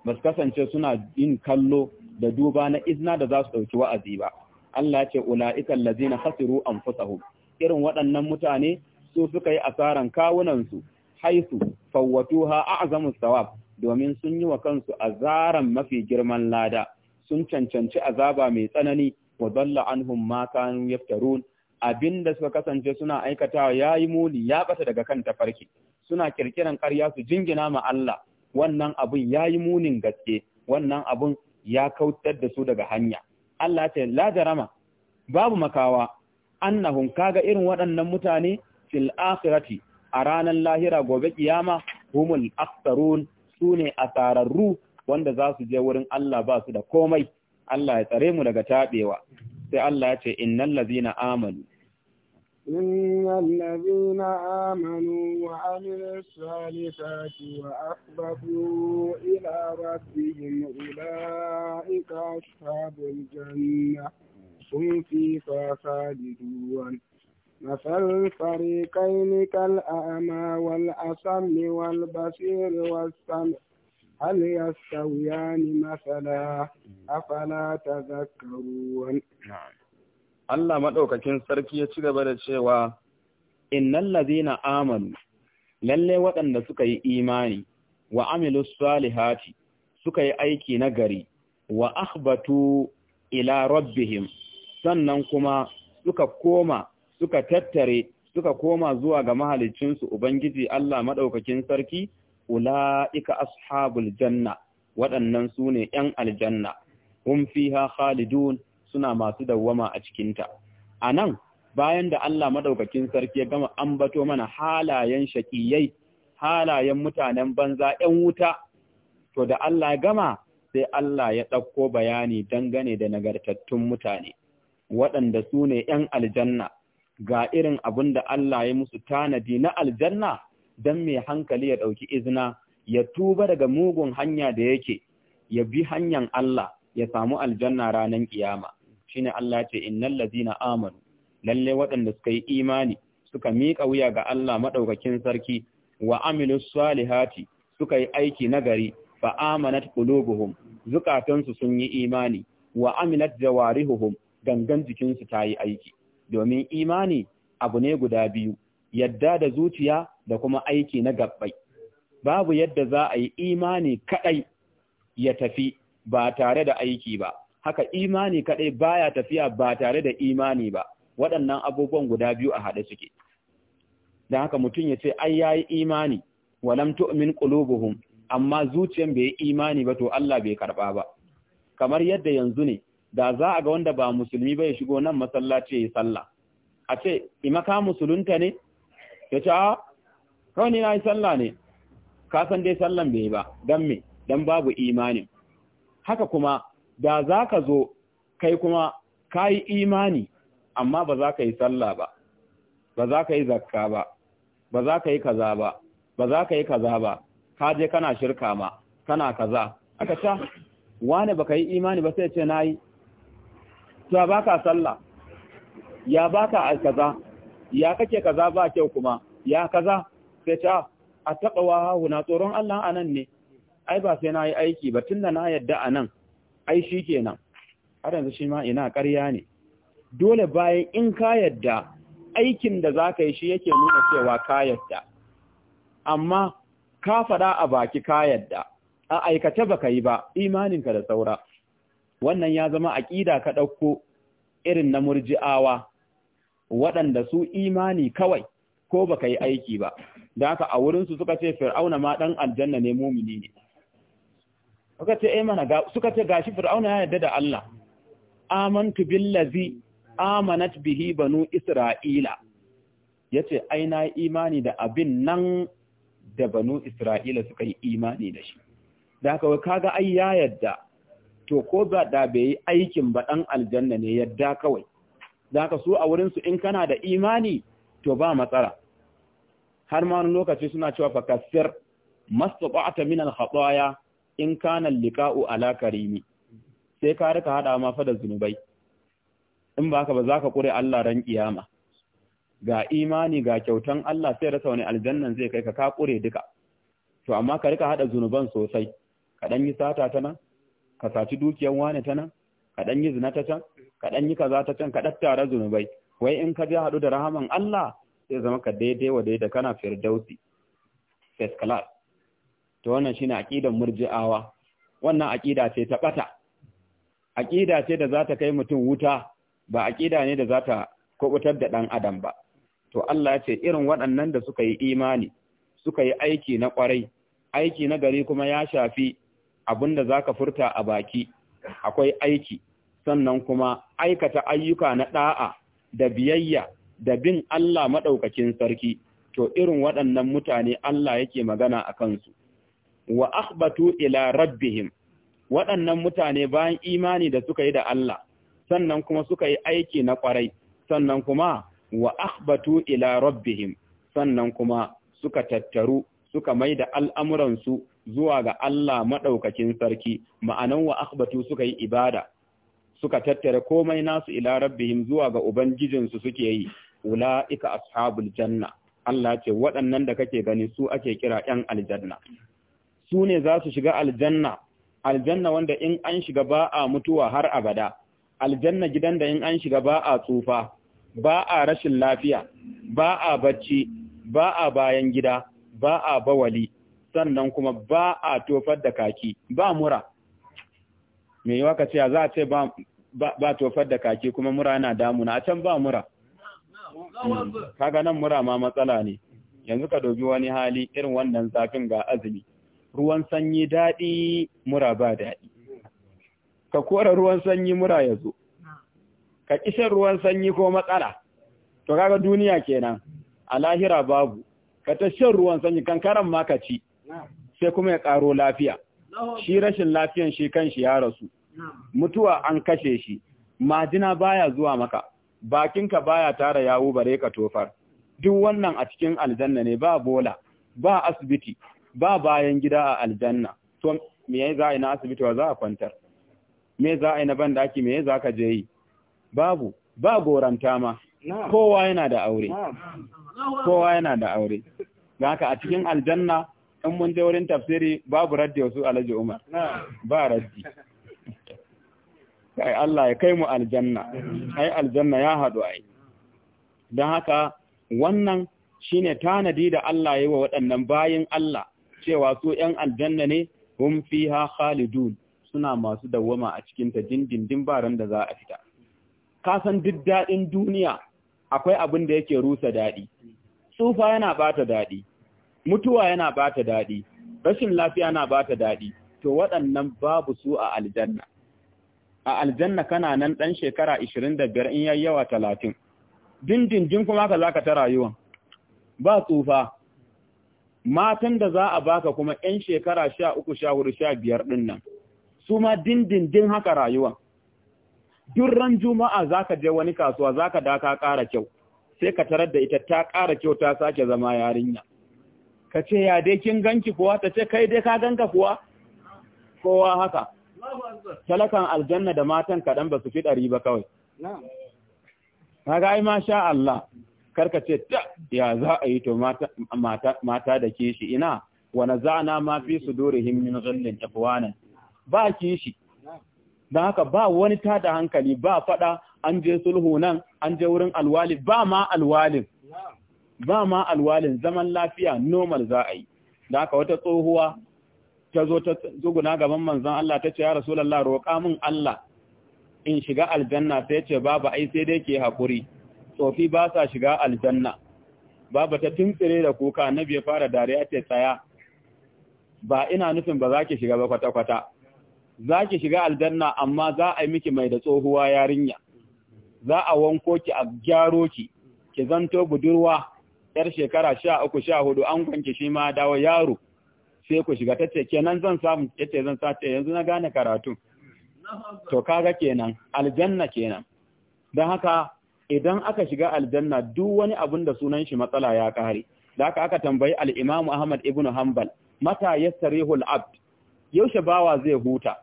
ba su kasance suna yin kallo da duba na izna da za su ɗauki wa'azi ba Allah ce ula'ikan lazina hasiru an fusahu irin waɗannan mutane su suka yi asaran kawunansu haisu fawwatuha a'zamu sawab domin sun yi wa kansu azaran mafi girman lada sun cancanci azaba mai tsanani wa dalla anhum ma kanu yaftarun abinda suka kasance suna aikatawa ya yi muli ya bata daga kan tafarki suna kirkiran ƙarya su jingina ma Allah wannan abun ya yi munin gaske wannan abun ya kautar da su daga hanya Allah ce la jarama babu makawa hunka kaga irin waɗannan mutane fil akhirati a ranar lahira gobe kiyama humul ne sune asararru wanda za su je wurin Allah ba su da komai Allah ya tsare mu daga taɓewa, sai Allah ya ce innal na, amalu, إن الذين آمنوا وعملوا الصالحات وأخبتوا إلى ربهم أولئك أصحاب الجنة هم فيها خالدون مثل الفريقين كالأعمى والأصم والبصير والسمع هل يستويان مثلا أفلا تذكرون نعم Allah maɗaukakin sarki ya ci gaba da cewa, Innan lazina amanu, lalle waɗanda suka yi imani, wa amilus salihati, suka yi aiki na gari, wa ahbatu ila rabbihim, sannan kuma suka koma, suka tattare, suka koma zuwa ga mahalicinsu Ubangiji Allah maɗaukakin sarki, ula'ika ashabul janna, waɗannan su ne ‘yan aljanna, hum fiha khalidun. suna masu dawwama a cikinta. A nan, bayan da Allah madaukakin sarki ya gama ambato mana halayen shaƙiyai, halayen mutanen banza ‘yan wuta, to da Allah ya gama sai Allah ya ɗauko bayani dangane da nagartattun mutane, waɗanda su ne ‘yan aljanna, ga irin abin da Allah ya musu tanadi na aljanna don mai hankali ya ɗauki izina, ya tuba daga mugun hanya da yake, ya bi hanyar Allah ya samu aljanna ranar ƙiyama. shine Allah ce innal ladina amanu lalle waɗanda suka yi imani suka miƙa wuya ga Allah madaukakin sarki wa amilus salihati suka yi aiki nagari fa amanat qulubuhum zukatansu sun yi imani wa amilat jawarihuhum gangan jikinsu ta yi aiki domin imani abu ne guda biyu yadda da zuciya da kuma aiki na gabbai babu yadda za a yi imani kadai ya tafi ba tare da aiki ba haka imani kadai baya tafiya ba tare da imani ba waɗannan abubuwan guda biyu a haɗe suke dan haka mutum ya ce ai yayi imani walam tu'min qulubuhum amma zuciyan bai imani ba to Allah bai karba ba kamar yadda yanzu ne da za a ga wanda ba musulmi ba ya shigo nan masallaci ya sallah a ce imaka musulunta ne ya ce a kawai ni na yi sallah ne ka san dai sallan bai ba Dan me don babu imani haka kuma da za ka zo kai kuma ka yi imani amma ba za ka yi sallah ba ba za ka yi zakka ba ba za ka yi kaza ba ba za ka yi kaza ba ka je kana shirka ma kana kaza aka ta wani baka yi imani ba sai ce na yi. to ba ka sallah ya ba ka kaza ya kake kaza ba kyau kuma ya kaza sai ta ah, a taɓa wa hahuna tsoron Allah anan ne ai ba sai na yi aiki ba tun da na yadda anan ai shi kenan har yanzu shi ma ina ƙarya ne dole bayan in ka yadda aikin da za ka yi shi yake nuna cewa ka yadda amma ka faɗa a baki ka yadda a aikace baka yi ba imaninka da saura wannan ya zama aƙida ka ɗauko irin na murji'awa waɗanda su imani kawai ko baka yi aiki ba da haka a wurinsu suka ce fir'auna ma ɗan aljanna ne mumini ne suka ce eh mana suka ce gashi fir'auna ya yarda da Allah amantu billazi amanat bihi banu isra'ila yace ai na imani da abin nan da banu isra'ila suka yi imani da shi da haka wai kaga ai ya yarda to ko ba da bai aikin ba dan aljanna ne yarda kawai da haka su a wurin su in kana da imani to ba matsala har ma wani lokaci suna cewa fakassir mastata'ata min al-khataya in kana liqa'u ala karimi sai ka rika hada ma fa da zunubai in ba ka ba za ka kure Allah ran kiyama ga imani ga kyautan Allah sai rasa wani aljannan zai kai ka ka kure duka to amma ka rika hada zunuban sosai ka dan yi sata ta nan ka saci dukiyar wani ta nan ka dan yi zina ta ka dan yi kaza ta can ka dattara zunubai wai in ka je hadu da rahaman Allah sai zama ka daidai wa daidai kana firdausi first class to wannan ne aƙidar murji'awa wannan aƙida ce ta bata aƙida ce da za ta kai mutum wuta ba aƙida ne da za ta kubutar da ɗan adam ba to Allah ya ce irin waɗannan da suka yi imani suka yi aiki na ƙwarai aiki na gari kuma ya shafi abin da za ka furta a baki akwai aiki sannan kuma aikata ayyuka na ɗa'a da biyayya da bin Allah maɗaukakin sarki to irin waɗannan mutane Allah yake magana a kansu wa akhbatu ila rabbihim waɗannan mutane bayan imani da suka yi da Allah sannan kuma suka yi aiki na kwarai sannan kuma wa akhbatu ila rabbihim sannan kuma suka tattaru suka mai da al'amuransu zuwa ga Allah maɗaukakin sarki ma'anan wa akhbatu suka yi ibada suka tattara komai nasu ila rabbihim zuwa ga ubangijinsu suke yi ula'ika ashabul janna Allah ce waɗannan da kake gani su ake kira ‘yan aljanna. su ne za su shiga aljanna aljanna wanda in an shiga ba a mutuwa har abada aljanna gidan da in an shiga ba a tsufa ba a rashin lafiya ba a bacci ba a bayan gida ba a bawali sannan kuma ba a tofar da kaki ba mura me yi ka za a ce ba ba tofar da kaki kuma mura na damuna a can ba mura hmm. kaga nan mura ma matsala ne yanzu ka dobi wani hali irin wannan zafin ga azumi ruwan sanyi daɗi mura ba daɗi ka kora ruwan sanyi mura ya zo ka kishin ruwan sanyi ko matsala to kaga duniya kenan a lahira babu ka ta shan ruwan sanyi kankaran makaci, ci sai kuma ya ƙaro lafiya shi rashin lafiyan shi kan shi ya rasu mutuwa an kashe shi majina baya zuwa maka bakinka baya tara yawo bare ka tofar duk wannan a cikin aljanna ne ba bola ba asibiti ba bayan gida a aljanna to me za a yi na asibiti wa za a kwantar me za a yi na bandaki me za ka je yi babu ba goranta ma kowa yana da aure kowa yana da aure don haka a cikin aljanna in mun je wurin tafsiri babu raddi wasu alhaji umar ba raddi kai Allah ya kai mu aljanna ai aljanna ya haɗu ai don haka wannan shine tanadi da Allah ya yi wa waɗannan bayin Allah cewa su ‘yan aljanna ne, hum Khalidu khalidun suna masu dawwama a cikinta dindindin baran da za a fita. Ka san duk daɗin duniya akwai abin da yake rusa daɗi. Tsufa yana bata daɗi, mutuwa yana bata daɗi, rashin lafiya yana bata daɗi, to waɗannan babu su a aljanna. A aljanna kana nan ɗan shekara ishirin da biyar in yayi yawa talatin. Dindindin kuma ka za ka ta rayuwan. Ba tsufa, matan da za a baka kuma 'yan shekara sha uku sha hudu sha biyar ɗin nan su ma dindindin haka rayuwa duk ran juma'a za ka je wani kasuwa za ka daka ƙara kyau sai ka tarar da ita ta ƙara kyau ta sake zama yarinya ka ce ya dai kin ganki kuwa ta ce kai dai ka ganka kuwa kowa haka talakan aljanna da matan kaɗan ba su fi ɗari ba kawai ga ai masha Allah karka ce ta ya za a yi to mata da kishi ina wani zana ma fi su dore himmin zullin tafuwanan ba kishi don haka ba wani ta da hankali ba faɗa an je sulhu nan an je wurin alwali ba ma alwalin ba ma alwalin zaman lafiya normal za a yi don haka wata tsohuwa ta zo ta zuguna gaban manzan Allah ta ce ya rasulallah roƙa min Allah in shiga aljanna sai ce babu ai sai dai ke haƙuri tsofi ba sa shiga aljanna baba ta tuntsire da kuka na ya fara dariya ta tsaya ba ina nufin ba za ki shiga ba kwata-kwata za ki shiga aljanna amma za a yi miki mai da tsohuwa yarinya za a wanko ki a gyaro ki ki zanto budurwa yar shekara sha uku sha hudu an kwanki shi ma dawo yaro sai ku shiga ta ce kenan zan samu ya ce zan sace yanzu na gane karatu to kaga kenan aljanna kenan don haka idan aka shiga aljanna duk wani abin da sunan shi matsala ya kare da aka aka tambayi al-Imam Ahmad ibn Hanbal mata yasrihul abd yaushe bawa zai huta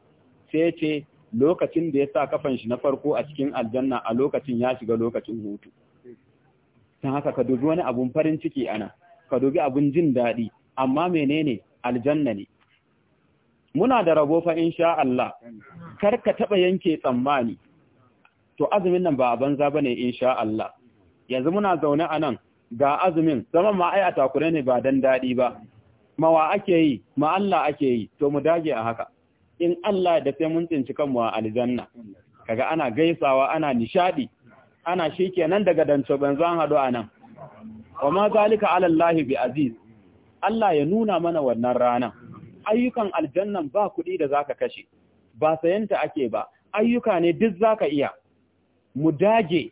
sai ce lokacin da ya sa kafan shi na farko a cikin aljanna a lokacin ya shiga lokacin hutu dan haka ka dubi wani abun farin ciki ana ka dubi abun jin dadi amma menene aljanna ne muna da rabo fa insha Allah kar ka taba yanke tsammani to azumin nan ba a banza ba ne insha Allah yanzu muna zaune a nan ga azumin zaman ma ai a takure ne ba dan daɗi ba mawa ake yi ma Allah ake yi to mu dage a haka in Allah da sai mun tsinci kanmu a aljanna kaga ana gaisawa ana nishadi ana shikenan daga danco zan an hado nan. wa ma zalika ala Allah bi aziz Allah ya nuna mana wannan ranan ayyukan aljannan ba kuɗi da zaka kashe ba sayanta ake ba ayyuka ne duk zaka iya mu dage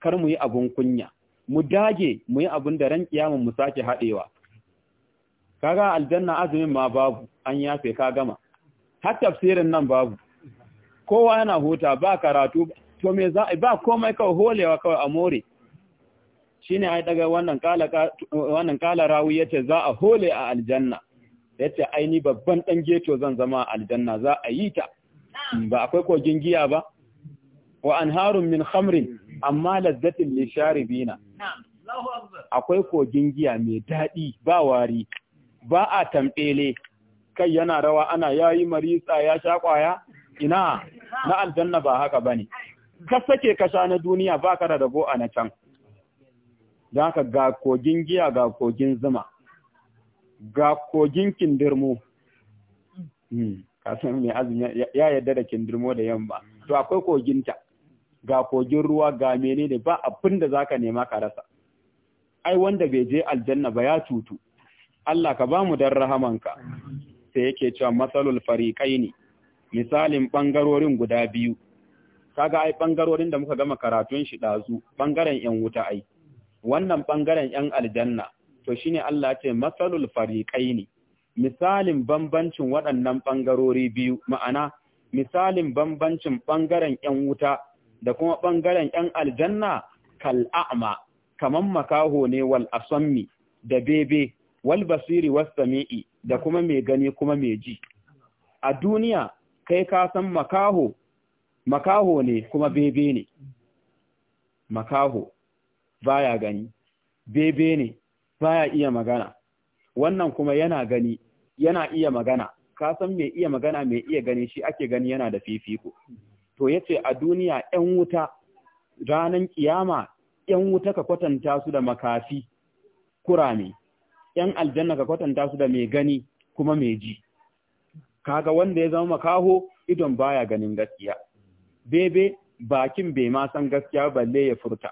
kar mu yi abun kunya mu dage mu yi abun da ran kiyamun mu sake haɗewa kaga aljanna azumin ma babu an yafe ka gama har tafsirin nan babu kowa yana huta ba karatu to me za ba komai kawai holewa kawai a more shine ai daga wannan kala wannan kala rawi yace za a hole a aljanna yace ai ni babban ɗan geto zan zama aljanna za a yi ta ba akwai kogin giya ba wa anharun min khamrin amma lazzatin lisharibina akwai kogin giya mai daɗi ba wari ba a tambele kai yana rawa ana yayi marisa ya sha kwaya ina na aljanna ba haka bane ka sake ka sha na duniya ba ka da rabo a na can don haka ga kogin giya ga kogin zuma ga kogin kindirmo hmm, kasan mai azumi ya yadda da kindirmo da yamma to akwai kogin ta. ga kogin ruwa ga menene ba abin da zaka nema ka rasa ai wanda bai je aljanna ba ya cutu Allah ka bamu dan rahamanka sai yake cewa masalul fariqaini misalin bangarorin guda biyu kaga ai bangarorin da muka gama karatun shi dazu bangaren yan wuta ai wannan bangaren yan aljanna to shine Allah ce masalul ne misalin bambancin waɗannan ɓangarori biyu ma'ana misalin bambancin bangaren yan wuta da kuma ɓangaren ‘yan aljanna kal a'ma kaman makaho ne wal asammi da bebe, wal basiri was sami'i da kuma mai gani kuma mai ji. A duniya, kai ka san makaho, makaho ne kuma bebe ne. Makaho, baya gani, bebe ne, baya iya magana. Wannan kuma yana gani, yana iya magana, ka san mai iya magana mai iya gani shi ake gani yana da fifiko. to ya ce a duniya 'yan wuta ranan kiyama 'yan wuta ka kwatanta su da makafi kurame 'yan aljanna ka kwatanta su da mai gani kuma mai ji kaga wanda ya zama makaho idon baya ganin gaskiya bebe bakin bai ma san gaskiya balle ya furta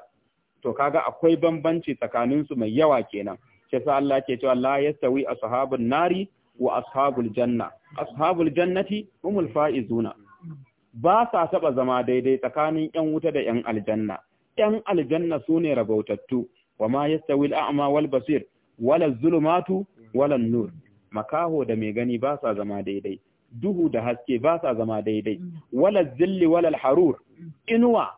to kaga akwai bambanci tsakanin su mai yawa kenan sai sa Allah ke cewa la yastawi ashabun nari wa ashabul janna ashabul jannati humul faizuna ba sa taɓa zama daidai tsakanin ‘yan wuta da ‘yan aljanna, ‘yan aljanna su ne rabautattu, wa ma yasta wil a'ama wal basir, wala zulumatu, wala nur, makaho da mai gani ba sa zama daidai, duhu da haske ba sa zama daidai, wala zilli wala harur, inuwa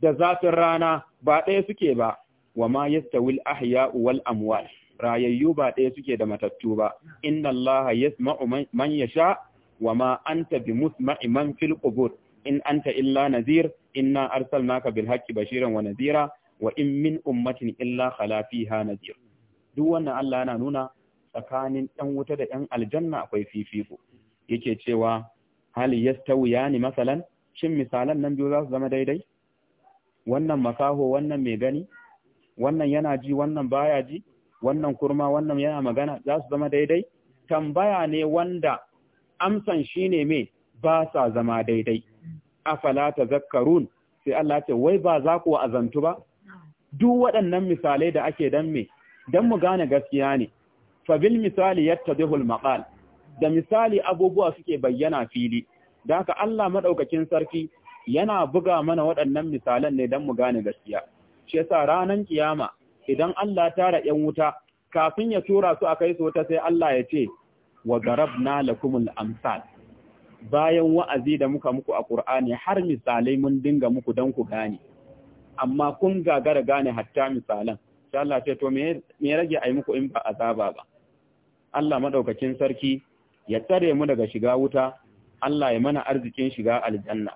da zafin rana ba ɗaya suke ba, wa ma yasta wil ahya wal amwal, rayayyu ba ɗaya suke da matattu ba, inna Allah yasma'u man yasha wa ma anta bi musma'i man fil qubur in anta illa nazir inna arsalnaka bil haqqi bashiran wa nadhira wa in min ummatin illa khala fiha nadhir duk wannan Allah yana nuna tsakanin yan wuta da yan aljanna akwai fifiko yake cewa hali hal yastawiyani masalan shin misalan nan biyu za su zama daidai wannan makaho wannan mai gani wannan yana ji wannan baya ji wannan kurma wannan yana magana za su zama daidai tambaya ne wanda amsan shi ne me ba sa zama daidai afala Zakarun sai Allah ce wai ba za ku azantu ba duk waɗannan misalai da ake dan me don mu gane gaskiya ne fabil misali misali yattadihul maƙal'. da misali abubuwa suke bayyana fili da haka Allah maɗaukakin sarki yana buga mana waɗannan misalan ne don mu gane gaskiya shi sa ranar kiyama idan Allah tara yan wuta kafin ya tura su a kai su wuta sai Allah ya ce wa darabna lakumul amsal bayan wa'azi da muka muku a Qur'ani har misalai mun dinga muku dan ku gane amma kun gagara gane hatta misalan insha Allah sai to me me rage ai muku in ba azaba ba Allah madaukakin sarki ya tsare mu daga shiga wuta Allah ya mana arzikin shiga aljanna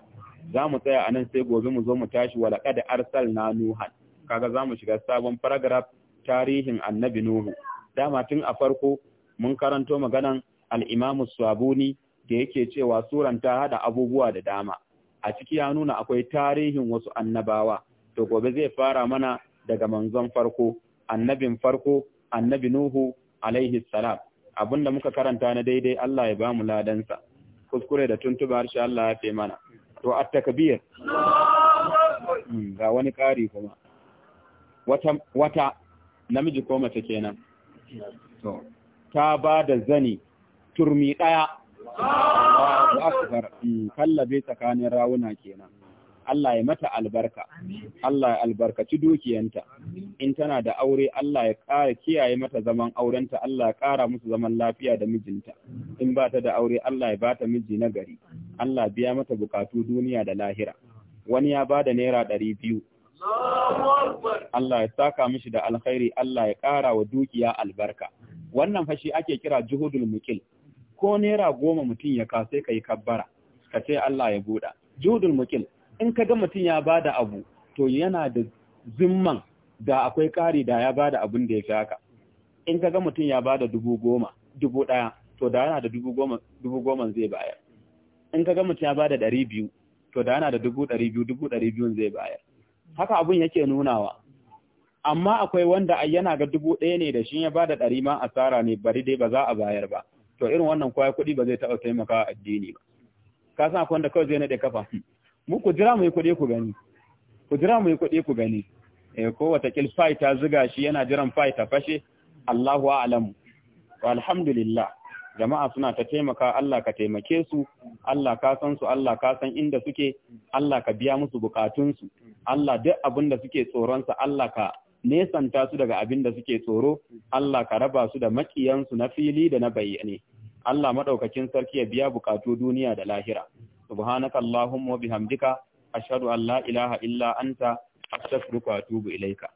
za mu tsaya a nan sai gobe mu zo mu tashi wa arsal na nuha kaga za mu shiga sabon paragraph tarihin annabi nuhu dama tun a farko mun karanto maganan al swabuni Sabuni da yake cewa suran ta hada abubuwa da dama a ciki ya nuna akwai tarihin wasu annabawa to gobe zai fara mana daga manzon farko annabin farko annabi Nuhu alaihi salam abinda muka karanta na daidai Allah ya bamu ladansa kuskure da tuntuba harshe Allah ya fe mana to at-takbir hmm, ga wani ƙari kuma wata namiji ko mace kenan ta ba da zani turmi ɗaya mm, kallabe tsakanin rawuna kenan Allah ya mata albarka Allah ya albarkaci dukiyanta in tana da aure Allah ya ƙara kiyaye mata zaman aurenta Allah ya ƙara musu zaman lafiya da mijinta in ba ta da aure Allah ya bata miji na gari Allah biya mata bukatu duniya da lahira wani ya ba da naira ɗari biyu Allah ya saka mishi da alkhairi Allah ya ƙara wa dukiya albarka wannan fashi ake kira juhudul mukil ko naira goma mutum ya ka sai ka kabbara ka ce Allah ya buɗa juhudul mukil in ka ga mutum ya bada abu to yana da zimman da akwai ƙari da ya bada abin da ya fi haka in ka ga mutum ya bada dubu goma dubu ɗaya to da yana da dubu goma dubu goma zai bayar in ka ga mutum ya bada ɗari biyu to da yana da dubu ɗari biyu dubu ɗari biyun zai bayar haka abin yake nunawa amma akwai wanda ai yana ga dubu ɗaya ne da shi ya bada ɗari ma asara ne bari dai ba za a bayar ba to irin wannan kwaya kuɗi ba zai taɓa taimaka addini ba ka san akwai wanda kawai zai naɗe kafa mu ku jira mu yi kuɗi ku gani ku jira mu yi kuɗi ku gani eh ko wata kil fai ta zuga shi yana jiran fai ta fashe Allahu a'lamu alhamdulillah jama'a suna ta taimaka Allah ka taimake su Allah ka san su Allah ka san inda suke Allah ka biya musu bukatunsu Allah duk abin da suke tsoron sa Allah ka nesanta su daga abin da suke tsoro Allah ka raba su da makiyansu na fili da na bayyane Allah maɗaukakin sarki ya biya buƙatu duniya da lahira subhanaka allahumma bihamdika ashhadu an la ilaha illa anta astaghfiruka wa atubu ilaika